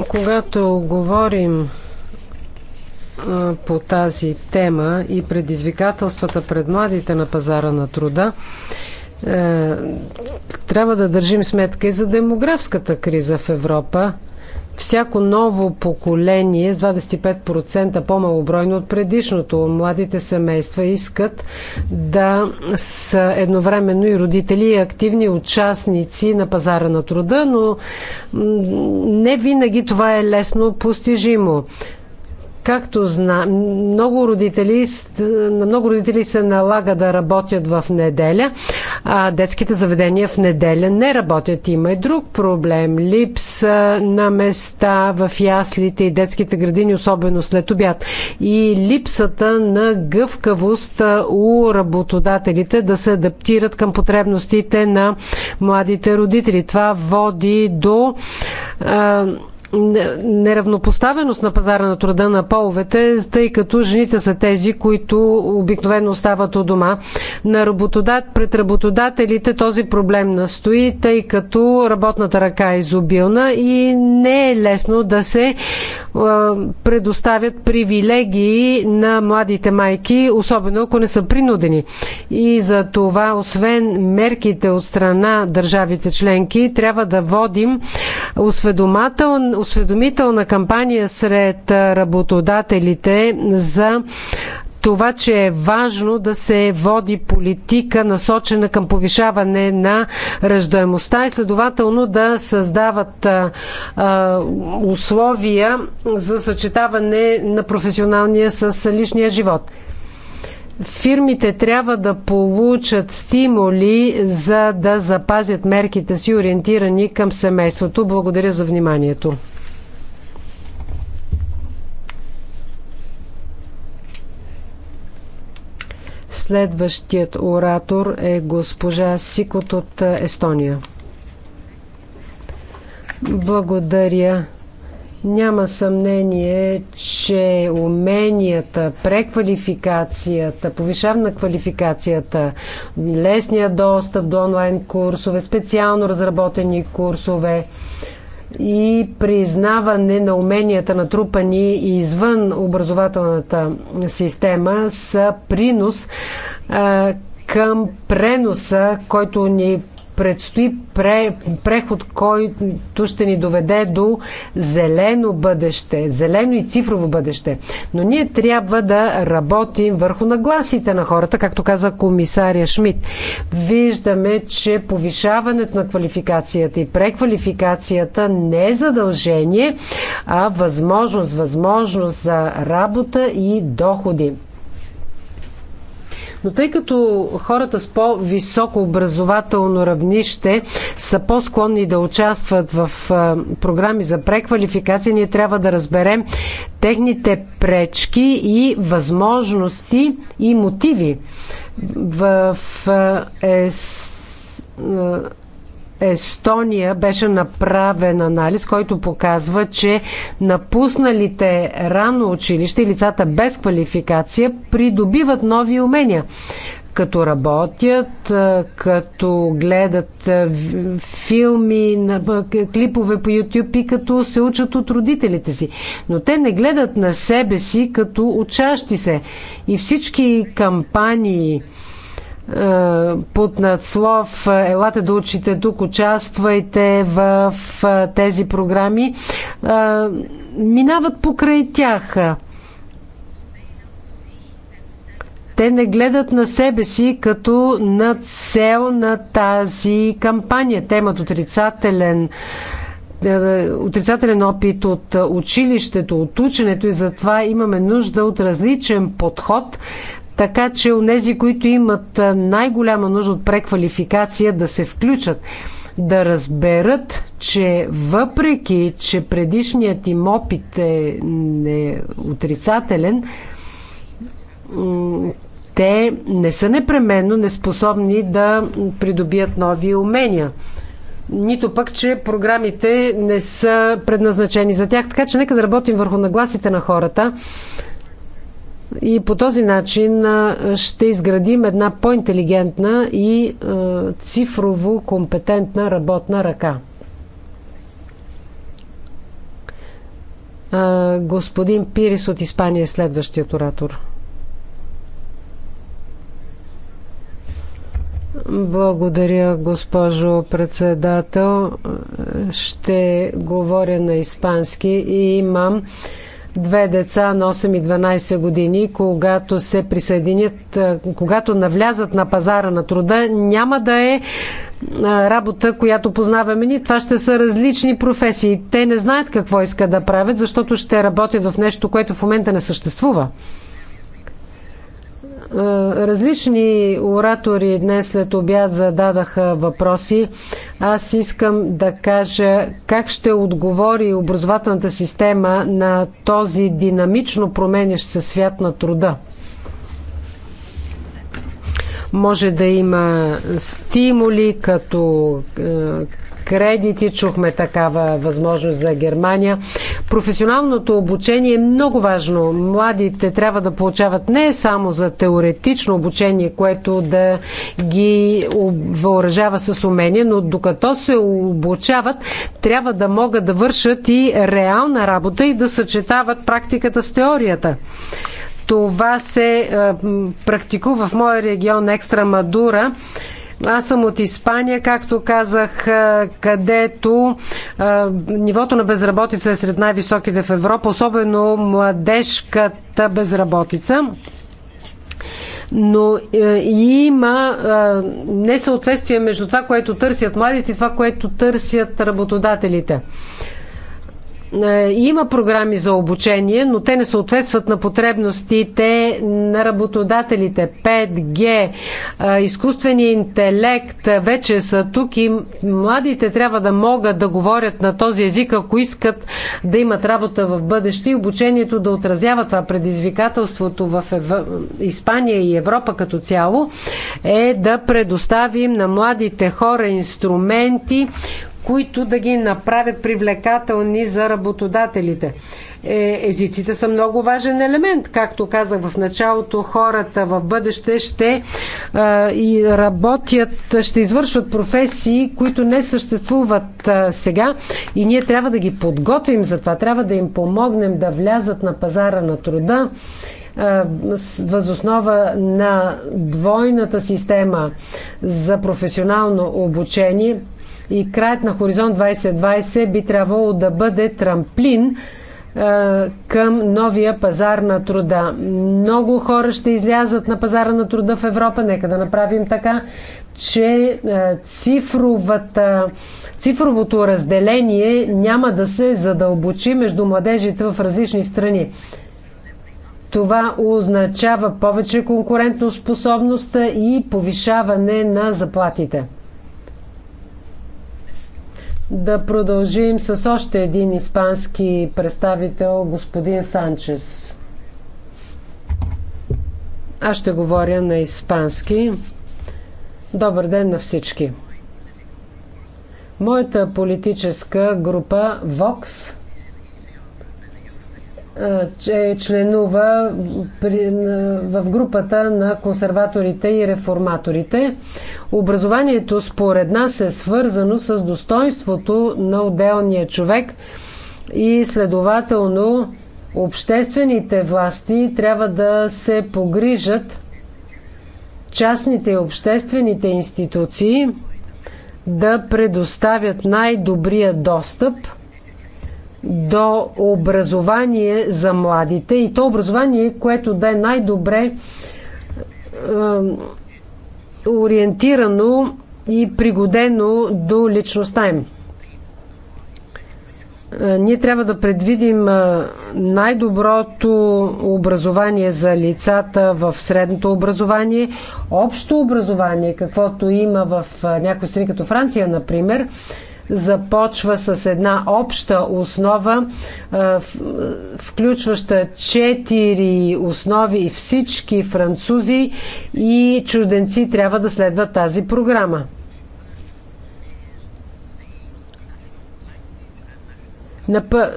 когато говорим по тази тема и предизвикателствата пред младите на пазара на труда, е, трябва да държим сметка и за демографската криза в Европа. Всяко ново поколение с 25% по-малобройно от предишното. Младите семейства искат да са едновременно и родители и активни участници на пазара на труда, но не винаги това е лесно постижимо. Както знам, много родители, на много родители се налага да работят в неделя, а детските заведения в неделя не работят. Има и друг проблем. Липса на места в яслите и детските градини, особено след обяд. И липсата на гъвкавост у работодателите да се адаптират към потребностите на младите родители. Това води до а, неравнопоставеност на пазара на труда на половете, тъй като жените са тези, които обикновено остават у дома. На работодат, пред работодателите този проблем настои, тъй като работната ръка е изобилна и не е лесно да се предоставят привилегии на младите майки, особено ако не са принудени. И за това, освен мерките от страна държавите членки, трябва да водим осведомателно осведомителна кампания сред работодателите за това, че е важно да се води политика насочена към повишаване на ръждаемостта и следователно да създават а, условия за съчетаване на професионалния с личния живот. Фирмите трябва да получат стимули за да запазят мерките си ориентирани към семейството. Благодаря за вниманието. Следващият оратор е госпожа Сикот от Естония. Благодаря. Няма съмнение, че уменията, преквалификацията, повишавна квалификацията, лесния достъп до онлайн курсове, специално разработени курсове, и признаване на уменията натрупани извън образователната система са принос а, към преноса, който ни предстои пре, преход, който ще ни доведе до зелено бъдеще, зелено и цифрово бъдеще. Но ние трябва да работим върху нагласите на хората, както каза комисария Шмидт. Виждаме, че повишаването на квалификацията и преквалификацията не е задължение, а възможност, възможност за работа и доходи. Но тъй като хората с по-високо образователно равнище са по-склонни да участват в програми за преквалификация, ние трябва да разберем техните пречки и възможности и мотиви. В, е, Естония беше направен анализ, който показва, че напусналите рано училище и лицата без квалификация придобиват нови умения като работят, като гледат филми, клипове по YouTube и като се учат от родителите си. Но те не гледат на себе си като учащи се. И всички кампании, е, под надслов е, Елате да учите тук, участвайте в е, тези програми, минават покрай тях. Те не гледат на себе си като на цел на тази кампания. Те имат отрицателен отрицателен опит от училището, от ученето и затова имаме нужда от различен подход, така че у нези, които имат най-голяма нужда от преквалификация, да се включат, да разберат, че въпреки, че предишният им опит е отрицателен, те не са непременно неспособни да придобият нови умения. Нито пък, че програмите не са предназначени за тях. Така че нека да работим върху нагласите на хората, и по този начин ще изградим една по-интелигентна и цифрово компетентна работна ръка. Господин Пирис от Испания е следващият оратор. Благодаря, госпожо председател. Ще говоря на испански и имам две деца на 8 и 12 години, когато се присъединят, когато навлязат на пазара на труда, няма да е работа, която познаваме ни. Това ще са различни професии. Те не знаят какво искат да правят, защото ще работят в нещо, което в момента не съществува. Е, различни оратори днес след обяд зададаха въпроси. Аз искам да кажа как ще отговори образователната система на този динамично променящ се свят на труда. Може да има стимули като е, кредити. Чухме такава възможност за Германия. Професионалното обучение е много важно. Младите трябва да получават не само за теоретично обучение, което да ги въоръжава с умения, но докато се обучават, трябва да могат да вършат и реална работа и да съчетават практиката с теорията. Това се е, практикува в моя регион Екстра Мадура аз съм от Испания, както казах, където нивото на безработица е сред най-високите в Европа, особено младежката безработица но е, има е, несъответствие между това, което търсят младите и това, което търсят работодателите. Е, има програми за обучение, но те не съответстват на потребностите на работодателите. 5G, е, изкуственият интелект е, вече са тук и младите трябва да могат да говорят на този език, ако искат да имат работа в бъдеще и обучението да отразява това предизвикателството в Ев... Испания и Европа като цяло е да предоставим на младите хора инструменти, които да ги направят привлекателни за работодателите. Е, езиците са много важен елемент. Както казах в началото, хората в бъдеще ще а, и работят, ще извършват професии, които не съществуват а, сега и ние трябва да ги подготвим за това. Трябва да им помогнем да влязат на пазара на труда възоснова на двойната система за професионално обучение и краят на Хоризонт 2020 би трябвало да бъде трамплин към новия пазар на труда. Много хора ще излязат на пазара на труда в Европа. Нека да направим така, че цифровата, цифровото разделение няма да се задълбочи между младежите в различни страни. Това означава повече конкурентоспособност и повишаване на заплатите да продължим с още един испански представител, господин Санчес. Аз ще говоря на испански. Добър ден на всички! Моята политическа група ВОКС е, че членува в групата на консерваторите и реформаторите. Образованието според нас е свързано с достоинството на отделния човек и следователно обществените власти трябва да се погрижат частните и обществените институции да предоставят най-добрия достъп – до образование за младите и то образование, което да е най-добре ориентирано и пригодено до личността им. Ние трябва да предвидим най-доброто образование за лицата в средното образование, общо образование, каквото има в някои страни като Франция, например, започва с една обща основа, включваща четири основи и всички французи и чужденци трябва да следват тази програма.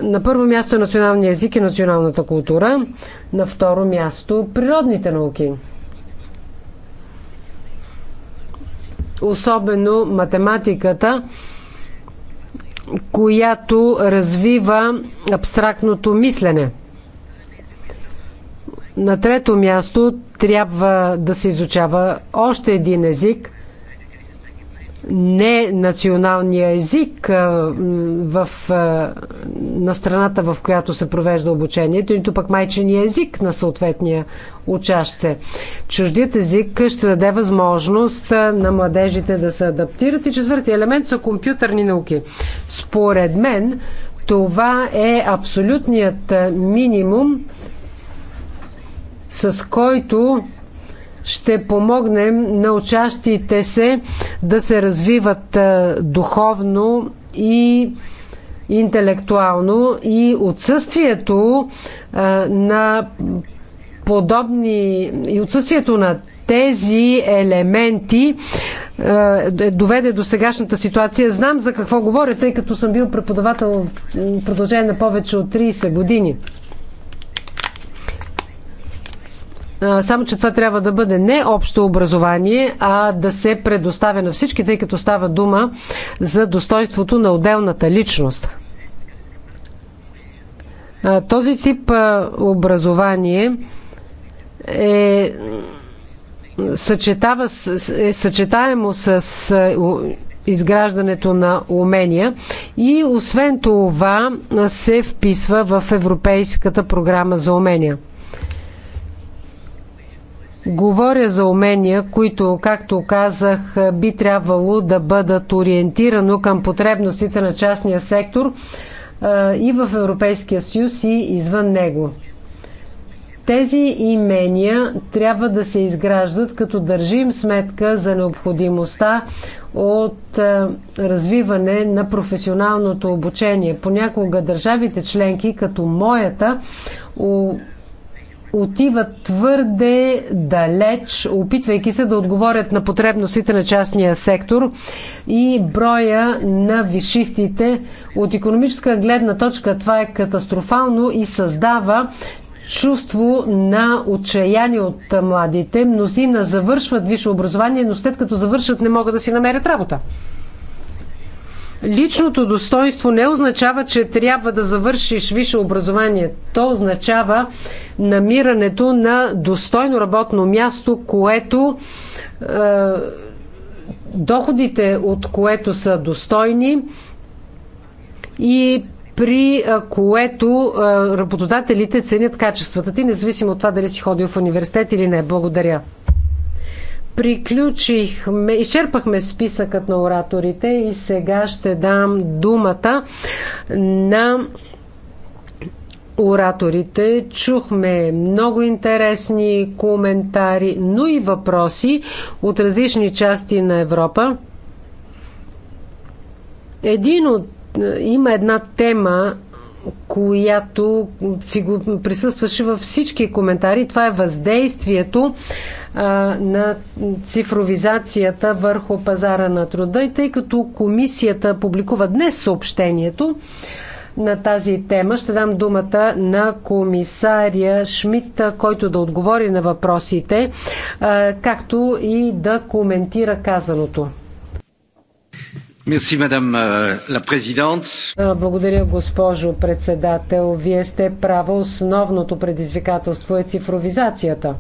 На, първо място е националния език и националната култура. На второ място природните науки. Особено математиката която развива абстрактното мислене. На трето място трябва да се изучава още един език, не националния език в, на страната, в която се провежда обучението, нито пък майчения език на съответния учащ се. Чуждият език ще даде възможност на младежите да се адаптират. И четвъртия елемент са компютърни науки. Според мен това е абсолютният минимум, с който ще помогнем на учащите се да се развиват духовно и интелектуално и отсъствието на подобни и отсъствието на тези елементи е, доведе до сегашната ситуация. Знам за какво говоря, тъй като съм бил преподавател в продължение на повече от 30 години. Само, че това трябва да бъде не общо образование, а да се предоставя на всички, тъй като става дума за достоинството на отделната личност. Този тип образование е, съчетава, е съчетаемо с изграждането на умения и освен това се вписва в Европейската програма за умения. Говоря за умения, които, както казах, би трябвало да бъдат ориентирано към потребностите на частния сектор и в Европейския съюз и извън него. Тези имения трябва да се изграждат, като държим сметка за необходимостта от развиване на професионалното обучение. Понякога държавите членки, като моята, отиват твърде далеч, опитвайки се да отговорят на потребностите на частния сектор и броя на вишистите. От економическа гледна точка това е катастрофално и създава чувство на отчаяние от младите. Мнозина завършват висше образование, но след като завършат не могат да си намерят работа. Личното достоинство не означава, че трябва да завършиш висше образование. То означава намирането на достойно работно място, което е, доходите от което са достойни и при е, което е, работодателите ценят качествата ти, независимо от това дали си ходил в университет или не. Благодаря приключихме, изчерпахме списъкът на ораторите и сега ще дам думата на ораторите. Чухме много интересни коментари, но и въпроси от различни части на Европа. Един от, има една тема, която фигу, присъстваше във всички коментари. Това е въздействието на цифровизацията върху пазара на труда. И тъй като комисията публикува днес съобщението на тази тема, ще дам думата на комисария Шмидт, който да отговори на въпросите, както и да коментира казаното. Благодаря, госпожо председател. Вие сте права. Основното предизвикателство е цифровизацията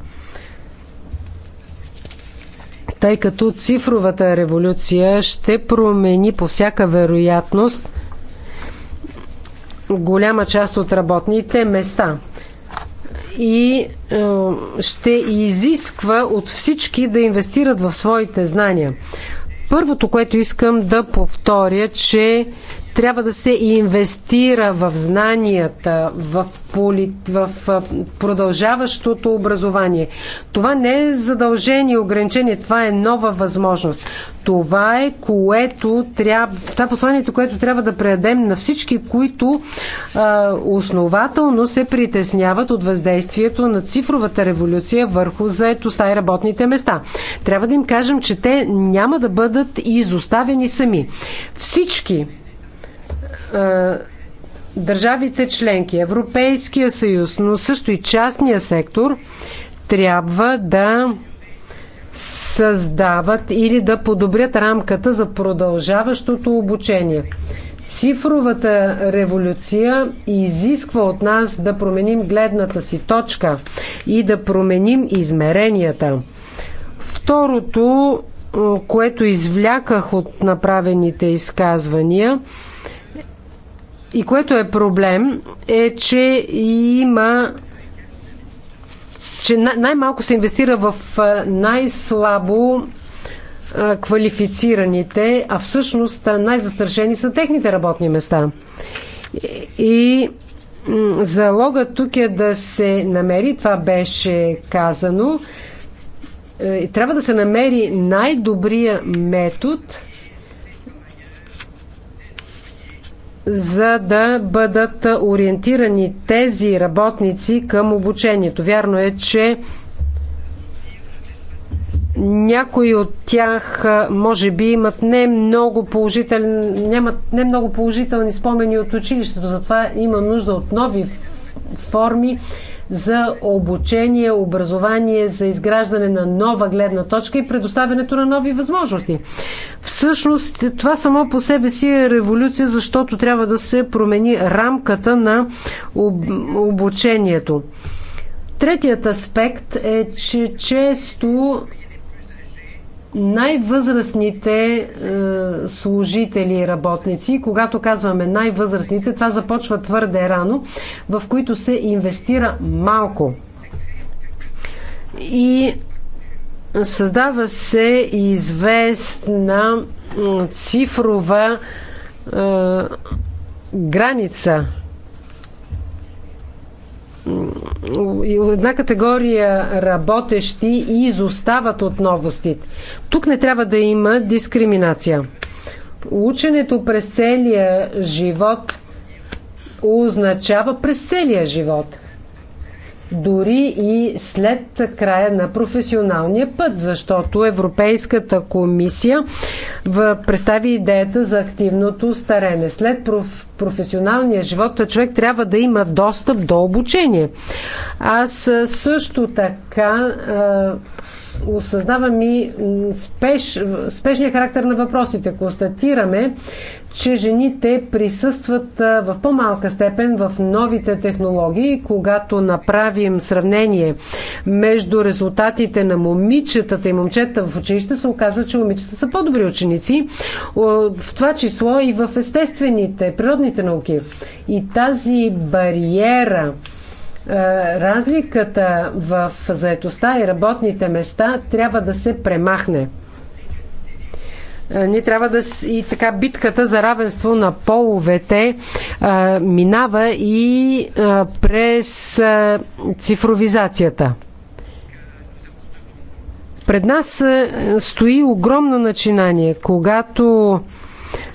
тъй като цифровата революция ще промени по всяка вероятност голяма част от работните места и е, ще изисква от всички да инвестират в своите знания. Първото, което искам да повторя, че трябва да се инвестира в знанията, в, поли, в продължаващото образование. Това не е задължение и ограничение, това е нова възможност. Това е което трябва, това е посланието, което трябва да предадем на всички, които а, основателно се притесняват от въздействието на цифровата революция върху заетостта и работните места. Трябва да им кажем, че те няма да бъдат изоставени сами. Всички е, държавите членки, Европейския съюз, но също и частния сектор трябва да създават или да подобрят рамката за продължаващото обучение. Цифровата революция изисква от нас да променим гледната си точка и да променим измеренията. Второто, е, което извляках от направените изказвания – и което е проблем е, че има че най-малко се инвестира в най-слабо квалифицираните, а всъщност най-застрашени са техните работни места. И залога тук е да се намери, това беше казано, е, трябва да се намери най-добрия метод – за да бъдат ориентирани тези работници към обучението. Вярно е, че някои от тях може би имат не много, нямат не много положителни спомени от училището, затова има нужда от нови форми за обучение, образование, за изграждане на нова гледна точка и предоставянето на нови възможности. Всъщност, това само по себе си е революция, защото трябва да се промени рамката на обучението. Третият аспект е, че често най-възрастните е, служители и работници, когато казваме най-възрастните, това започва твърде рано, в които се инвестира малко. И създава се известна цифрова е, граница – една категория работещи и изостават от новостите. Тук не трябва да има дискриминация. Ученето през целия живот означава през целия живот дори и след края на професионалния път, защото Европейската комисия представи идеята за активното старене. След проф, професионалния живот човек трябва да има достъп до обучение. Аз също така осъзнавам и спеш, спешния характер на въпросите. Констатираме, че жените присъстват в по-малка степен в новите технологии. Когато направим сравнение между резултатите на момичетата и момчета в училище, се оказва, че момичета са по-добри ученици, в това число и в естествените, природните науки. И тази бариера, е, разликата в заетостта и работните места трябва да се премахне. Е, ние трябва да и така битката за равенство на половете а, е, минава и а, през а, цифровизацията. Пред нас стои огромно начинание. Когато,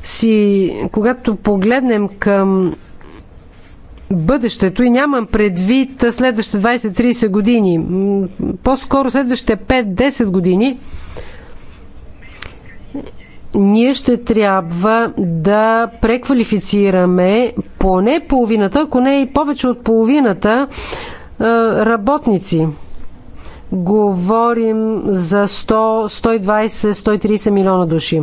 си, когато погледнем към бъдещето и нямам предвид следващите 20-30 години, по-скоро следващите 5-10 години, ние ще трябва да преквалифицираме поне половината, ако не и повече от половината работници. Говорим за 100, 120, 130 милиона души.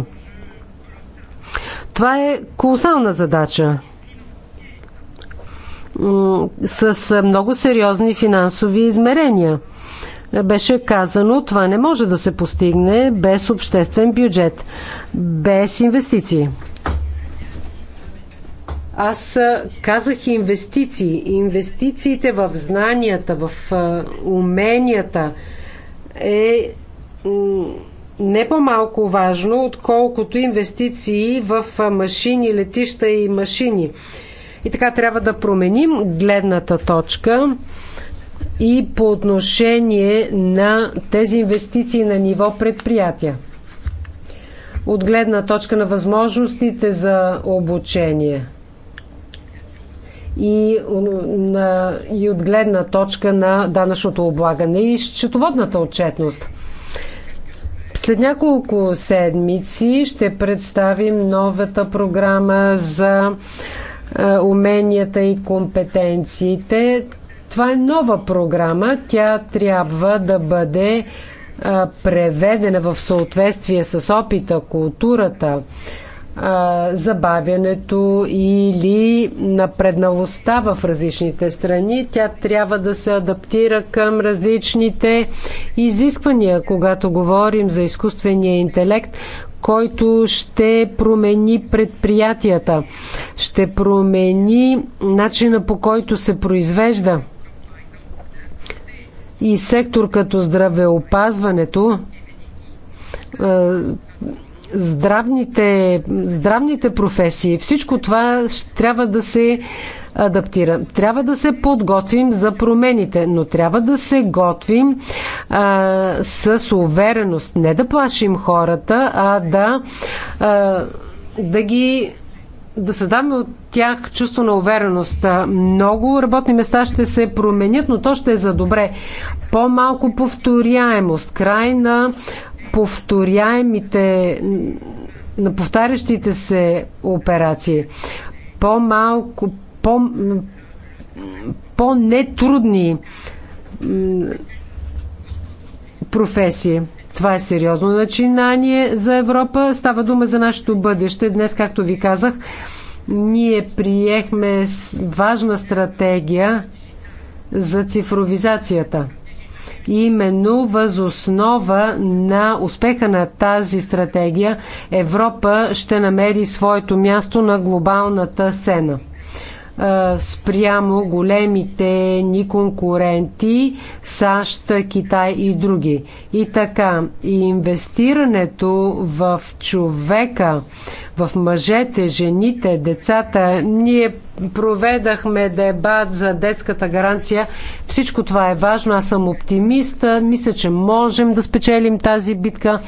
Това е колосална задача с много сериозни финансови измерения. Беше казано, това не може да се постигне без обществен бюджет, без инвестиции. Аз казах инвестиции. Инвестициите в знанията, в уменията е не по-малко важно, отколкото инвестиции в машини, летища и машини. И така трябва да променим гледната точка и по отношение на тези инвестиции на ниво предприятия. От гледна точка на възможностите за обучение и, на, и от гледна точка на данъчното облагане и счетоводната отчетност. След няколко седмици ще представим новата програма за е, уменията и компетенциите. Това е нова програма. Тя трябва да бъде е, преведена в съответствие с опита, културата, е, забавянето или напредналостта в различните страни. Тя трябва да се адаптира към различните изисквания. Когато говорим за изкуствения интелект, който ще промени предприятията, ще промени начина по който се произвежда. И сектор като здравеопазването, здравните, здравните професии, всичко това трябва да се адаптира. Трябва да се подготвим за промените, но трябва да се готвим а, с увереност. Не да плашим хората, а да, а, да ги да създаваме от тях чувство на увереност. Много работни места ще се променят, но то ще е за добре. По-малко повторяемост, край на повторяемите, на повтарящите се операции. По-малко, по, по-нетрудни професии. Това е сериозно начинание за Европа. Става дума за нашето бъдеще. Днес, както ви казах, ние приехме важна стратегия за цифровизацията. Именно възоснова на успеха на тази стратегия Европа ще намери своето място на глобалната сцена спрямо големите ни конкуренти САЩ, Китай и други. И така, и инвестирането в човека, в мъжете, жените, децата, ние проведахме дебат за детската гаранция. Всичко това е важно. Аз съм оптимист. Мисля, че можем да спечелим тази битка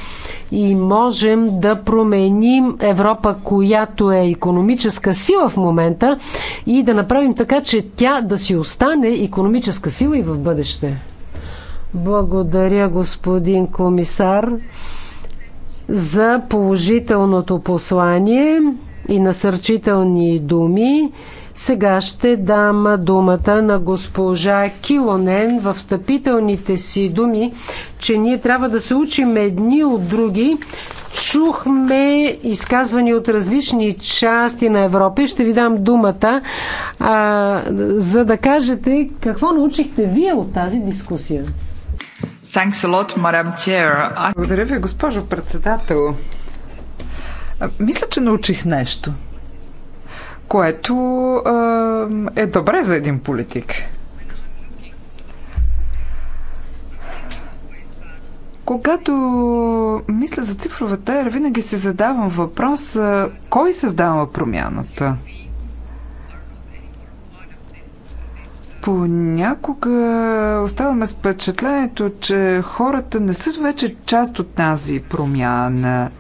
и можем да променим Европа, която е економическа сила в момента и да направим така, че тя да си остане економическа сила и в бъдеще. Благодаря, господин комисар, за положителното послание и насърчителни думи. Сега ще дам думата на госпожа Килонен в встъпителните си думи, че ние трябва да се учим едни от други. Чухме изказвания от различни части на Европа и ще ви дам думата, а, за да кажете какво научихте вие от тази дискусия. Lot, Благодаря ви, госпожо председател. Мисля, че научих нещо което е добре за един политик. Когато мисля за цифровата ера, винаги си задавам въпрос кой създава промяната? Понякога оставаме с впечатлението, че хората не са вече част от тази промяна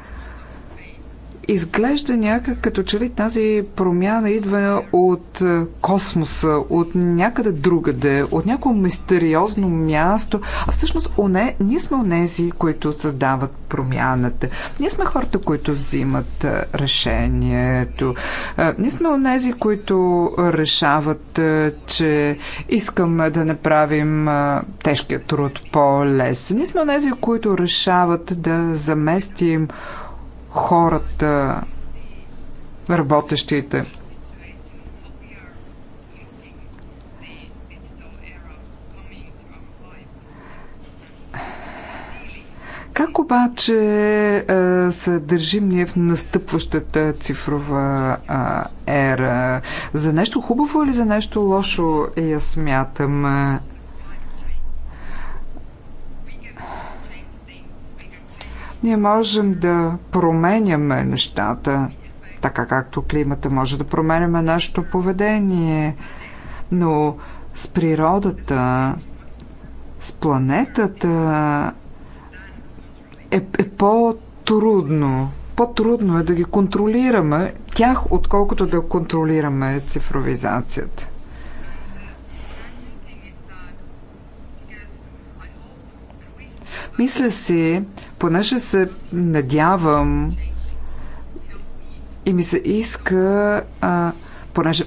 изглежда някак като че ли тази промяна идва от е, космоса, от някъде другаде, от някакво мистериозно място. А всъщност оне, ние сме онези, които създават промяната. Ние сме хората, които взимат е, решението. Е, ние сме онези, които решават, че искаме да направим тежкия труд по-лесен. Ние сме онези, които решават да заместим хората, работещите. Как обаче е, се държим ние в настъпващата цифрова ера? За нещо хубаво или за нещо лошо я смятам? Ние можем да променяме нещата, така както климата може да променяме нашето поведение, но с природата, с планетата е, е по-трудно. По-трудно е да ги контролираме тях, отколкото да контролираме цифровизацията. Мисля си, Понеже се надявам и ми се иска, а, понеже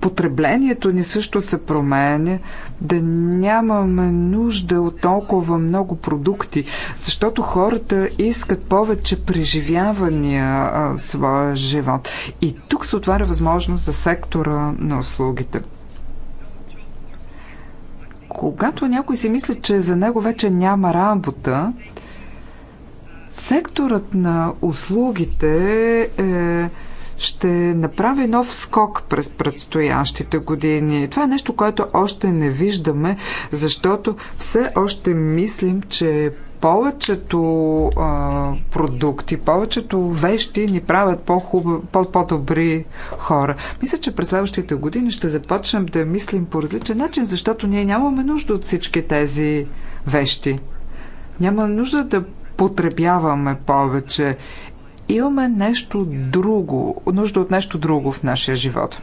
потреблението ни също се променя, да нямаме нужда от толкова много продукти, защото хората искат повече преживявания в своя живот. И тук се отваря възможност за сектора на услугите. Когато някой си мисли, че за него вече няма работа, Секторът на услугите е ще направи нов скок през предстоящите години. Това е нещо, което още не виждаме, защото все още мислим, че повечето а, продукти, повечето вещи ни правят по-добри по, по хора. Мисля, че през следващите години ще започнем да мислим по различен начин, защото ние нямаме нужда от всички тези вещи. Няма нужда да потребяваме повече. Имаме нещо друго, нужда от нещо друго в нашия живот.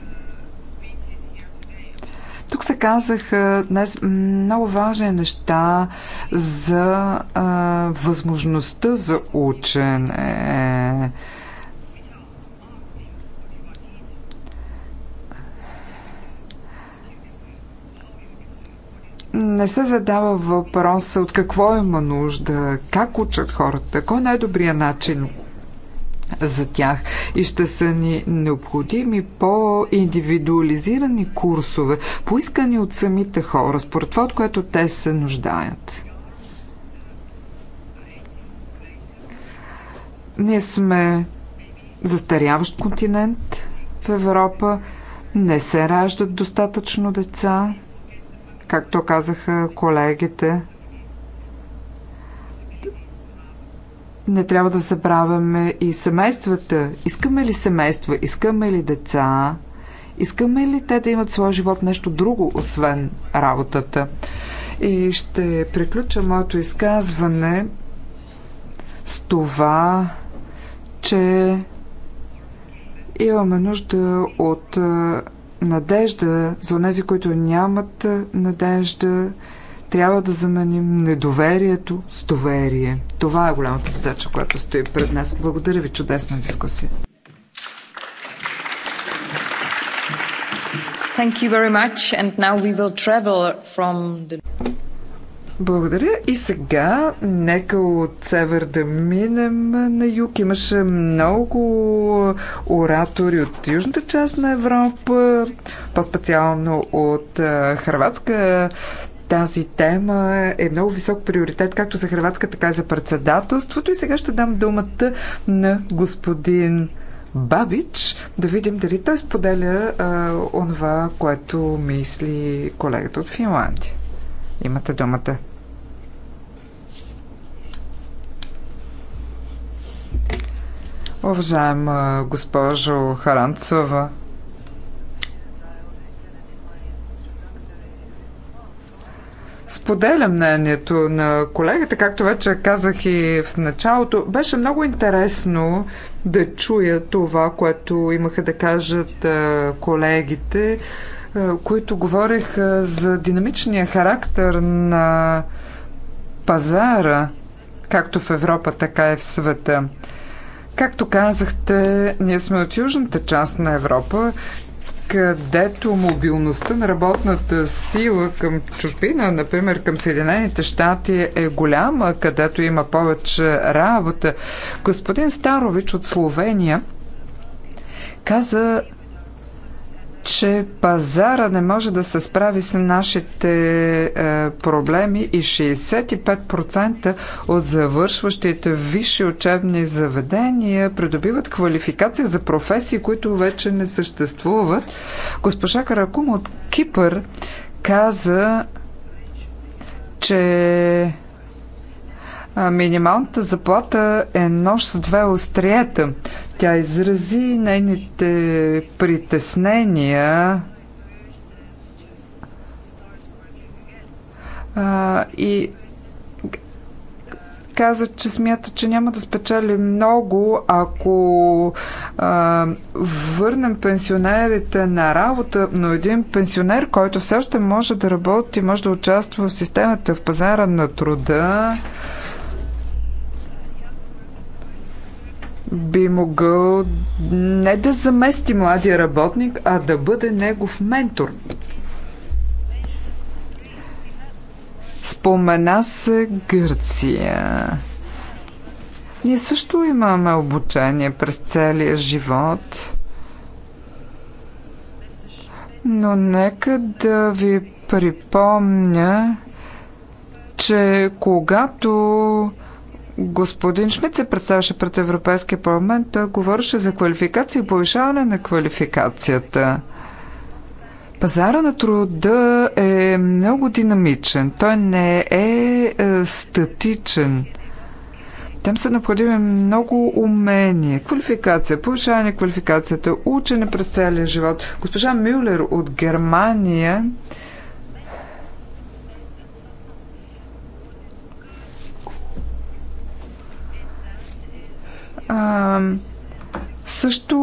Тук се казаха днес много важни неща за а, възможността за учене. не се задава въпроса от какво има нужда, как учат хората, кой е най-добрият начин за тях и ще са ни необходими по-индивидуализирани курсове, поискани от самите хора, според това, от което те се нуждаят. Ние сме застаряващ континент в Европа, не се раждат достатъчно деца – както казаха колегите. Не трябва да забравяме и семействата. Искаме ли семейства? Искаме ли деца? Искаме ли те да имат своя живот нещо друго, освен работата? И ще приключа моето изказване с това, че имаме нужда от надежда, за онези, които нямат надежда, трябва да заменим недоверието с доверие. Това е голямата задача, която стои пред нас. Благодаря ви, чудесна дискусия. Thank you very much. And now we will travel from the... Благодаря. И сега нека от север да минем на юг. Имаше много оратори от южната част на Европа, по-специално от Хрватска. Тази тема е много висок приоритет, както за Хрватска, така и за председателството. И сега ще дам думата на господин Бабич, да видим дали той споделя а, онова, което мисли колегата от Финландия. Имате думата. Уважаема госпожо Харанцова, Споделям мнението на колегата, както вече казах и в началото. Беше много интересно да чуя това, което имаха да кажат колегите, които говореха за динамичния характер на пазара, както в Европа, така и в света. Както казахте, ние сме от южната част на Европа, където мобилността на работната сила към чужбина, например към Съединените щати е голяма, където има повече работа. Господин Старович от Словения каза, че пазара не може да се справи с нашите е, проблеми и 65% от завършващите висши учебни заведения придобиват квалификация за професии, които вече не съществуват. Госпожа Каракум от Кипър каза, че минималната заплата е нож с две остриета. Тя изрази нейните притеснения а, и каза, че смята, че няма да спечели много, ако а, върнем пенсионерите на работа, но един пенсионер, който все още може да работи, може да участва в системата, в пазара на труда, би могъл не да замести младия работник, а да бъде негов ментор. Спомена се Гърция. Ние също имаме обучение през целия живот. Но нека да ви припомня, че когато Господин Шмидт се представяше пред Европейския парламент. Той говореше за квалификация и повишаване на квалификацията. Пазара на труда е много динамичен. Той не е, е статичен. Там са необходими много умения, квалификация, повишаване на квалификацията, учене през целия живот. Госпожа Мюллер от Германия а, също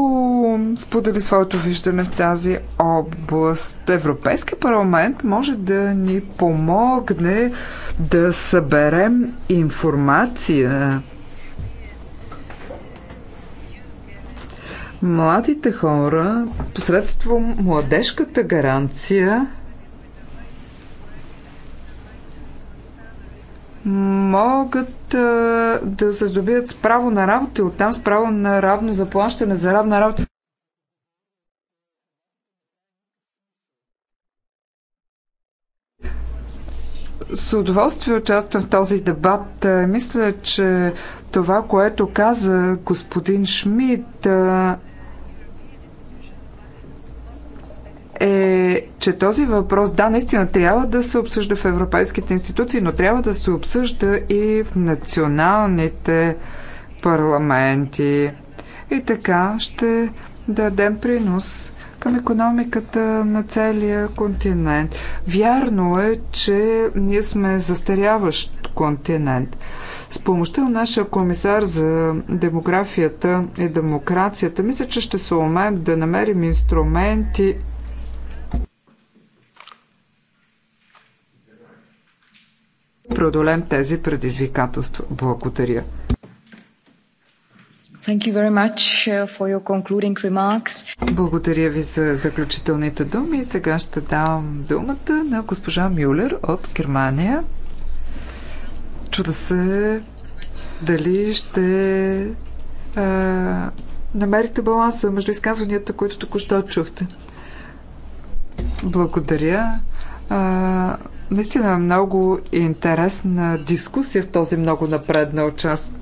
сподели своето виждане в тази област. Европейски парламент може да ни помогне да съберем информация. Младите хора посредством младежката гаранция могат а, да се здобият с право на работа и оттам с право на равно заплащане за равна работа. С удоволствие участвам в този дебат. Мисля, че това, което каза господин Шмидт, е, че този въпрос, да, наистина трябва да се обсъжда в европейските институции, но трябва да се обсъжда и в националните парламенти. И така ще дадем принос към економиката на целия континент. Вярно е, че ние сме застаряващ континент. С помощта на нашия комисар за демографията и демокрацията, мисля, че ще се умеем да намерим инструменти преодолем тези предизвикателства. Благодаря. Thank you very much uh, for your concluding remarks. Благодаря ви за заключителните думи. Сега ще давам думата на госпожа Мюлер от Германия. Чуда се дали ще а, намерите баланса между изказванията, които току-що чухте. Благодаря. А, Наистина е много интересна дискусия в този много напреднал час.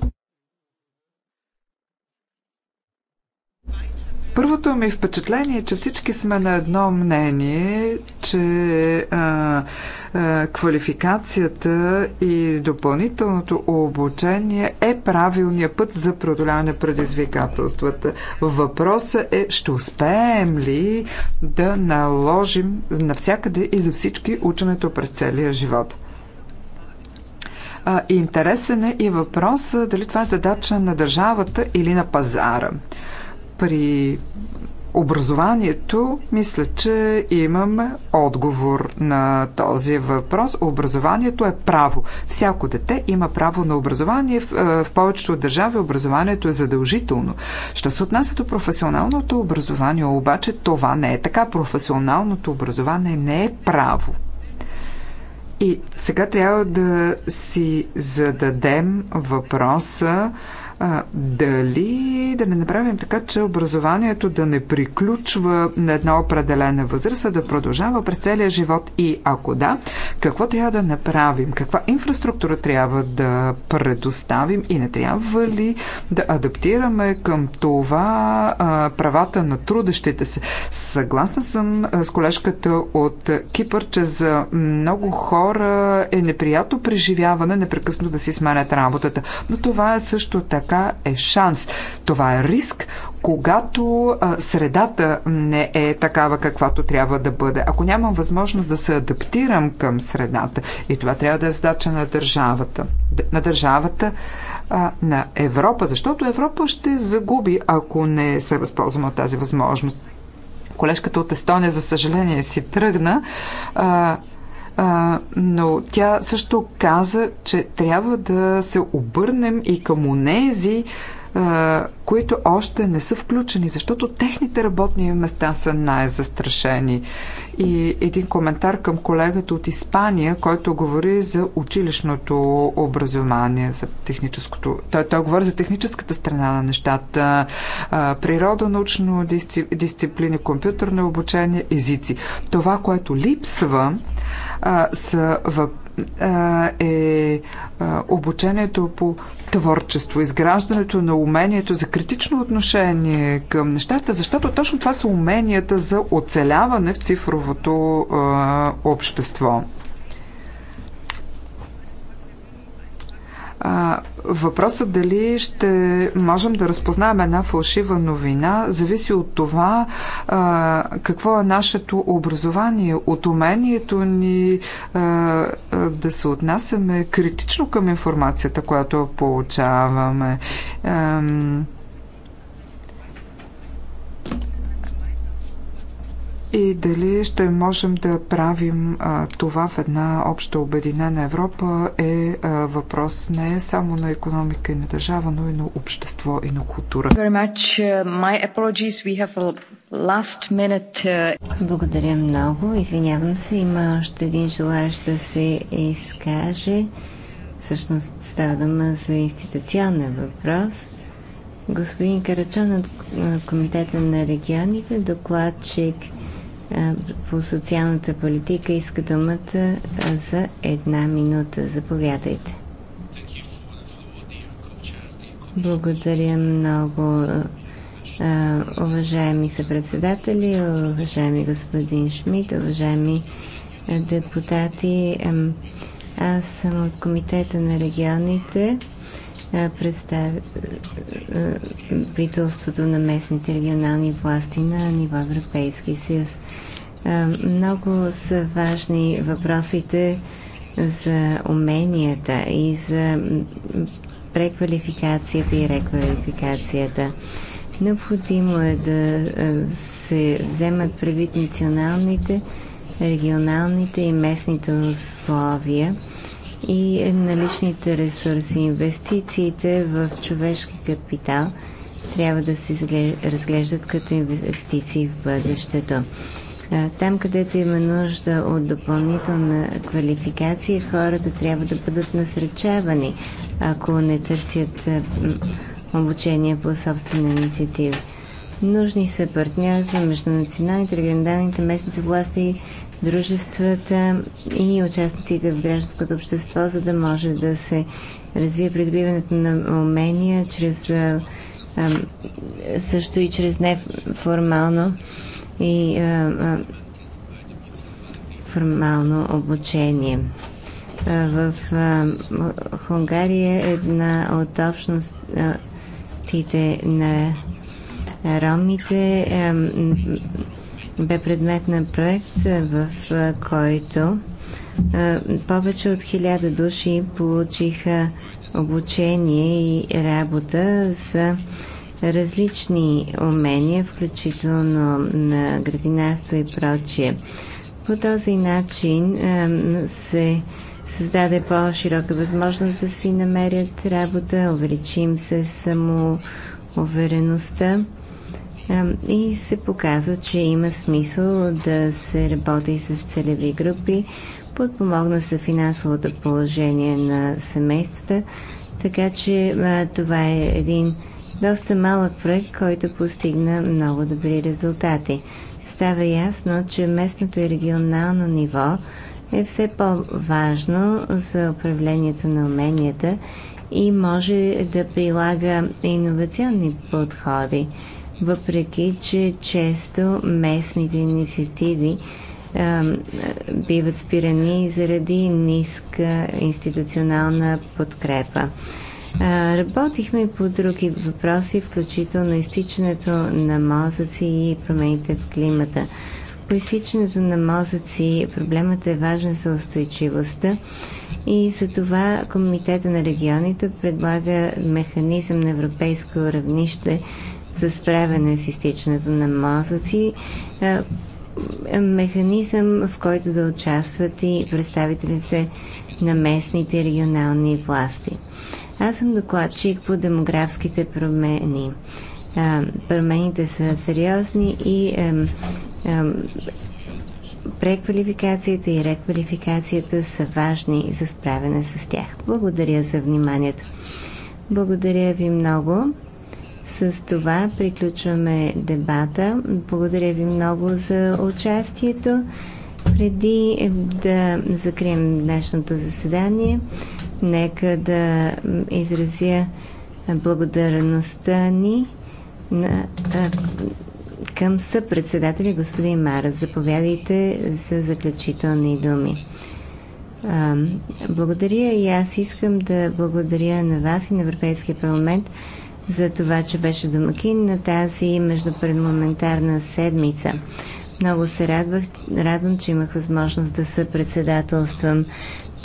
Първото ми впечатление е, че всички сме на едно мнение, че а, а, квалификацията и допълнителното обучение е правилният път за преодоляване предизвикателствата. Въпросът е, ще успеем ли да наложим навсякъде и за всички ученето през целия живот? А, интересен е и въпрос дали това е задача на държавата или на пазара при образованието, мисля, че имаме отговор на този въпрос. Образованието е право. Всяко дете има право на образование. В, е, в повечето държави образованието е задължително. Що се отнася до професионалното образование, обаче това не е така. Професионалното образование не е право. И сега трябва да си зададем въпроса а, дали да не направим така, че образованието да не приключва на една определена възраст, а да продължава през целия живот и ако да, какво трябва да направим, каква инфраструктура трябва да предоставим и не трябва ли да адаптираме към това а, правата на трудещите се. Съгласна съм с колежката от Кипър, че за много хора е неприятно преживяване непрекъснато да си сменят работата, но това е също така така е шанс. Това е риск, когато а, средата не е такава, каквато трябва да бъде. Ако нямам възможност да се адаптирам към средата, и това трябва да е задача на държавата. На държавата а, на Европа, защото Европа ще загуби, ако не се възползваме от тази възможност. Колежката от Естония, за съжаление, си тръгна. А, а, но тя също каза, че трябва да се обърнем и към онези, които още не са включени, защото техните работни места са най-застрашени. И един коментар към колегата от Испания, който говори за училищното образование, за техническото. Той, той говори за техническата страна на нещата, природонаучно дисциплини, компютърно обучение, езици. Това, което липсва, са въпроси е, е, е обучението по творчество, изграждането на умението за критично отношение към нещата, защото точно това са уменията за оцеляване в цифровото е, общество. Въпросът дали ще можем да разпознаем една фалшива новина зависи от това а, какво е нашето образование, от умението ни а, а, да се отнасяме критично към информацията, която получаваме. А, и дали ще можем да правим а, това в една обща обединена Европа е а, въпрос не само на економика и на държава, но и на общество и на култура. Uh, uh, Благодаря много. Извинявам се, има още един желаящ да се изкаже. Всъщност става дума за институционен въпрос. Господин Карачан от Комитета на регионите, докладчик по социалната политика иска думата за една минута. Заповядайте. Благодаря много, уважаеми съпредседатели, уважаеми господин Шмидт, уважаеми депутати. Аз съм от Комитета на регионите е, представителството е, на местните регионални власти на ниво Европейски съюз. Е, много са важни въпросите за уменията и за преквалификацията и реквалификацията. Необходимо е да се вземат предвид националните, регионалните и местните условия и наличните ресурси. Инвестициите в човешки капитал трябва да се разглеждат като инвестиции в бъдещето. Там, където има нужда от допълнителна квалификация, хората трябва да бъдат насречавани, ако не търсят обучение по собствена инициатива. Нужни са партньори за междунационалните, регионалните, местните власти дружествата и участниците в гражданското общество, за да може да се развие придобиването на умения чрез а, а, също и чрез неформално и а, а, формално обучение. А, в а, Хунгария е една от общностите на ромите а, бе предмет на проект, в който повече от хиляда души получиха обучение и работа за различни умения, включително на градинарство и прочие. По този начин се създаде по-широка възможност да си намерят работа, увеличим се самоувереността и се показва, че има смисъл да се работи с целеви групи, подпомогна се финансовото положение на семействата, така че това е един доста малък проект, който постигна много добри резултати. Става ясно, че местното и регионално ниво е все по-важно за управлението на уменията и може да прилага иновационни подходи въпреки че често местните инициативи а, биват спирани заради ниска институционална подкрепа. А, работихме по други въпроси, включително изтичането на мозъци и промените в климата. По изтичането на мозъци проблемът е важен за устойчивостта и за това Комитета на регионите предлага механизъм на европейско равнище за справяне с изтичането на мозъци, е, е, механизъм, в който да участват и представителите на местните и регионални власти. Аз съм докладчик по демографските промени. Е, промените са сериозни и преквалификацията и реквалификацията са важни за справяне с тях. Благодаря за вниманието. Благодаря ви много. С това приключваме дебата. Благодаря ви много за участието. Преди да закрием днешното заседание, нека да изразя благодарността ни на, а, към съпредседателя господин Мара. Заповядайте за заключителни думи. А, благодаря и аз искам да благодаря на вас и на Европейския парламент за това, че беше домакин на тази междупарламентарна седмица. Много се радвах, радвам, че имах възможност да се председателствам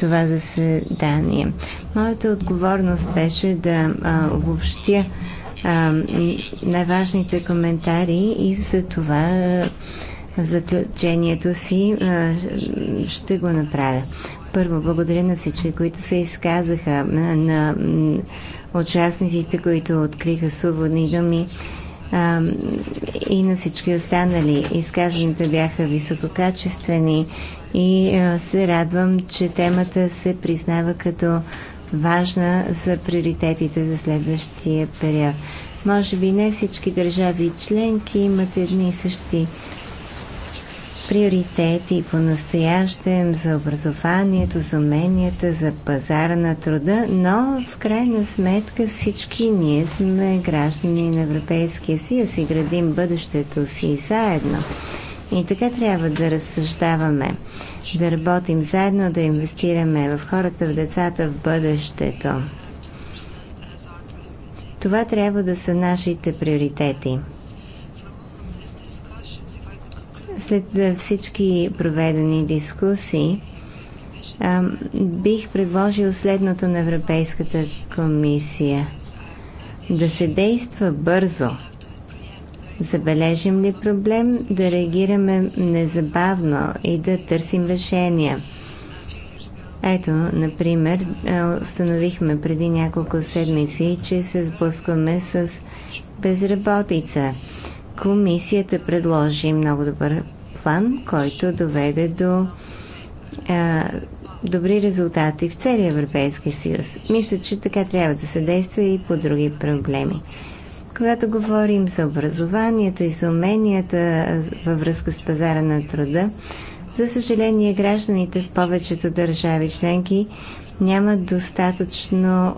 това заседание. Моята отговорност беше да а, обобщя най-важните коментари и за това а, в заключението си а, ще го направя. Първо, благодаря на всички, които се изказаха на, на участниците, които откриха свободни думи а, и на всички останали. Изказаните бяха висококачествени и а, се радвам, че темата се признава като важна за приоритетите за следващия период. Може би не всички държави членки имат едни и същи приоритети по-настоящем за образованието, за уменията, за пазара на труда, но в крайна сметка всички ние сме граждани на Европейския съюз и градим бъдещето си заедно. И така трябва да разсъждаваме, да работим заедно, да инвестираме в хората, в децата, в бъдещето. Това трябва да са нашите приоритети. След е, всички проведени дискусии, а, бих предложил следното на Европейската комисия. Да се действа бързо. Забележим ли проблем, да реагираме незабавно и да търсим решения. Ето, например, е, установихме преди няколко седмици, че се сблъскваме с безработица – комисията предложи много добър план, който доведе до а, добри резултати в целия Европейски съюз. Мисля, че така трябва да се действа и по други проблеми. Когато говорим за образованието и за уменията във връзка с пазара на труда, за съжаление гражданите в повечето държави членки нямат достатъчно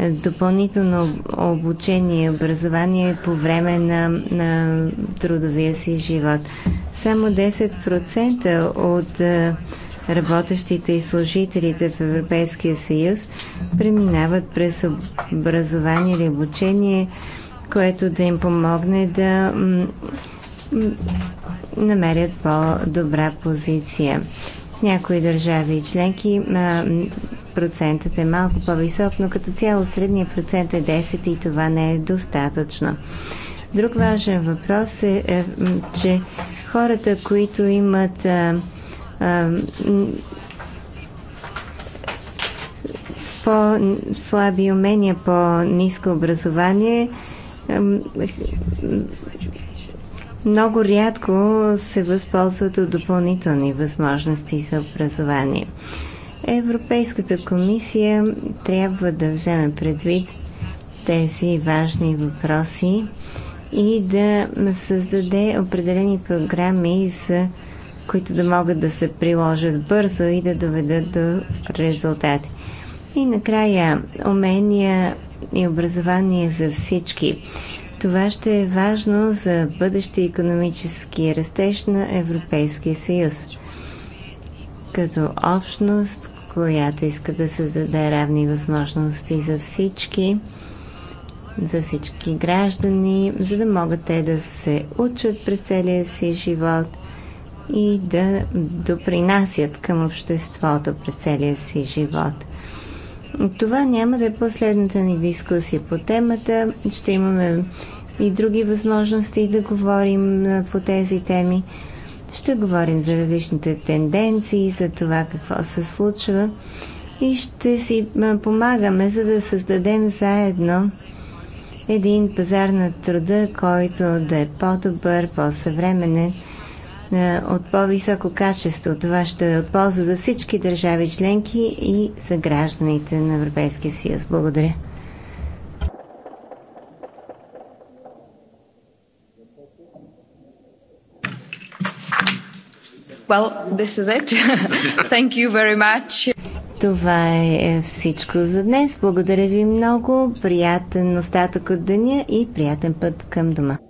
допълнително обучение и образование по време на, на трудовия си живот. Само 10% от е, работещите и служителите в Европейския съюз преминават през образование или обучение, което да им помогне да намерят по-добра позиция. В някои държави и членки а, процентът е малко по-висок, но като цяло средния процент е 10 и това не е достатъчно. Друг важен въпрос е, е че хората, които имат а, а, по-слаби умения, по-низко образование, много рядко се възползват от допълнителни възможности за образование. Европейската комисия трябва да вземе предвид тези важни въпроси и да създаде определени програми, за които да могат да се приложат бързо и да доведат до резултати. И накрая, умения и образование за всички. Това ще е важно за бъдещи економически растеж на Европейския съюз. Като общност, която иска да създаде равни възможности за всички, за всички граждани, за да могат те да се учат през целия си живот и да допринасят към обществото през целия си живот. Това няма да е последната ни дискусия по темата. Ще имаме и други възможности да говорим по тези теми. Ще говорим за различните тенденции, за това какво се случва и ще си помагаме, за да създадем заедно един пазар на труда, който да е по-добър, по-съвременен, от по-високо качество. Това ще е от полза за всички държави членки и за гражданите на Европейския съюз. Благодаря. Well, this is it. Thank you very much. Това е всичко за днес. Благодаря ви много. Приятен остатък от деня и приятен път към дома.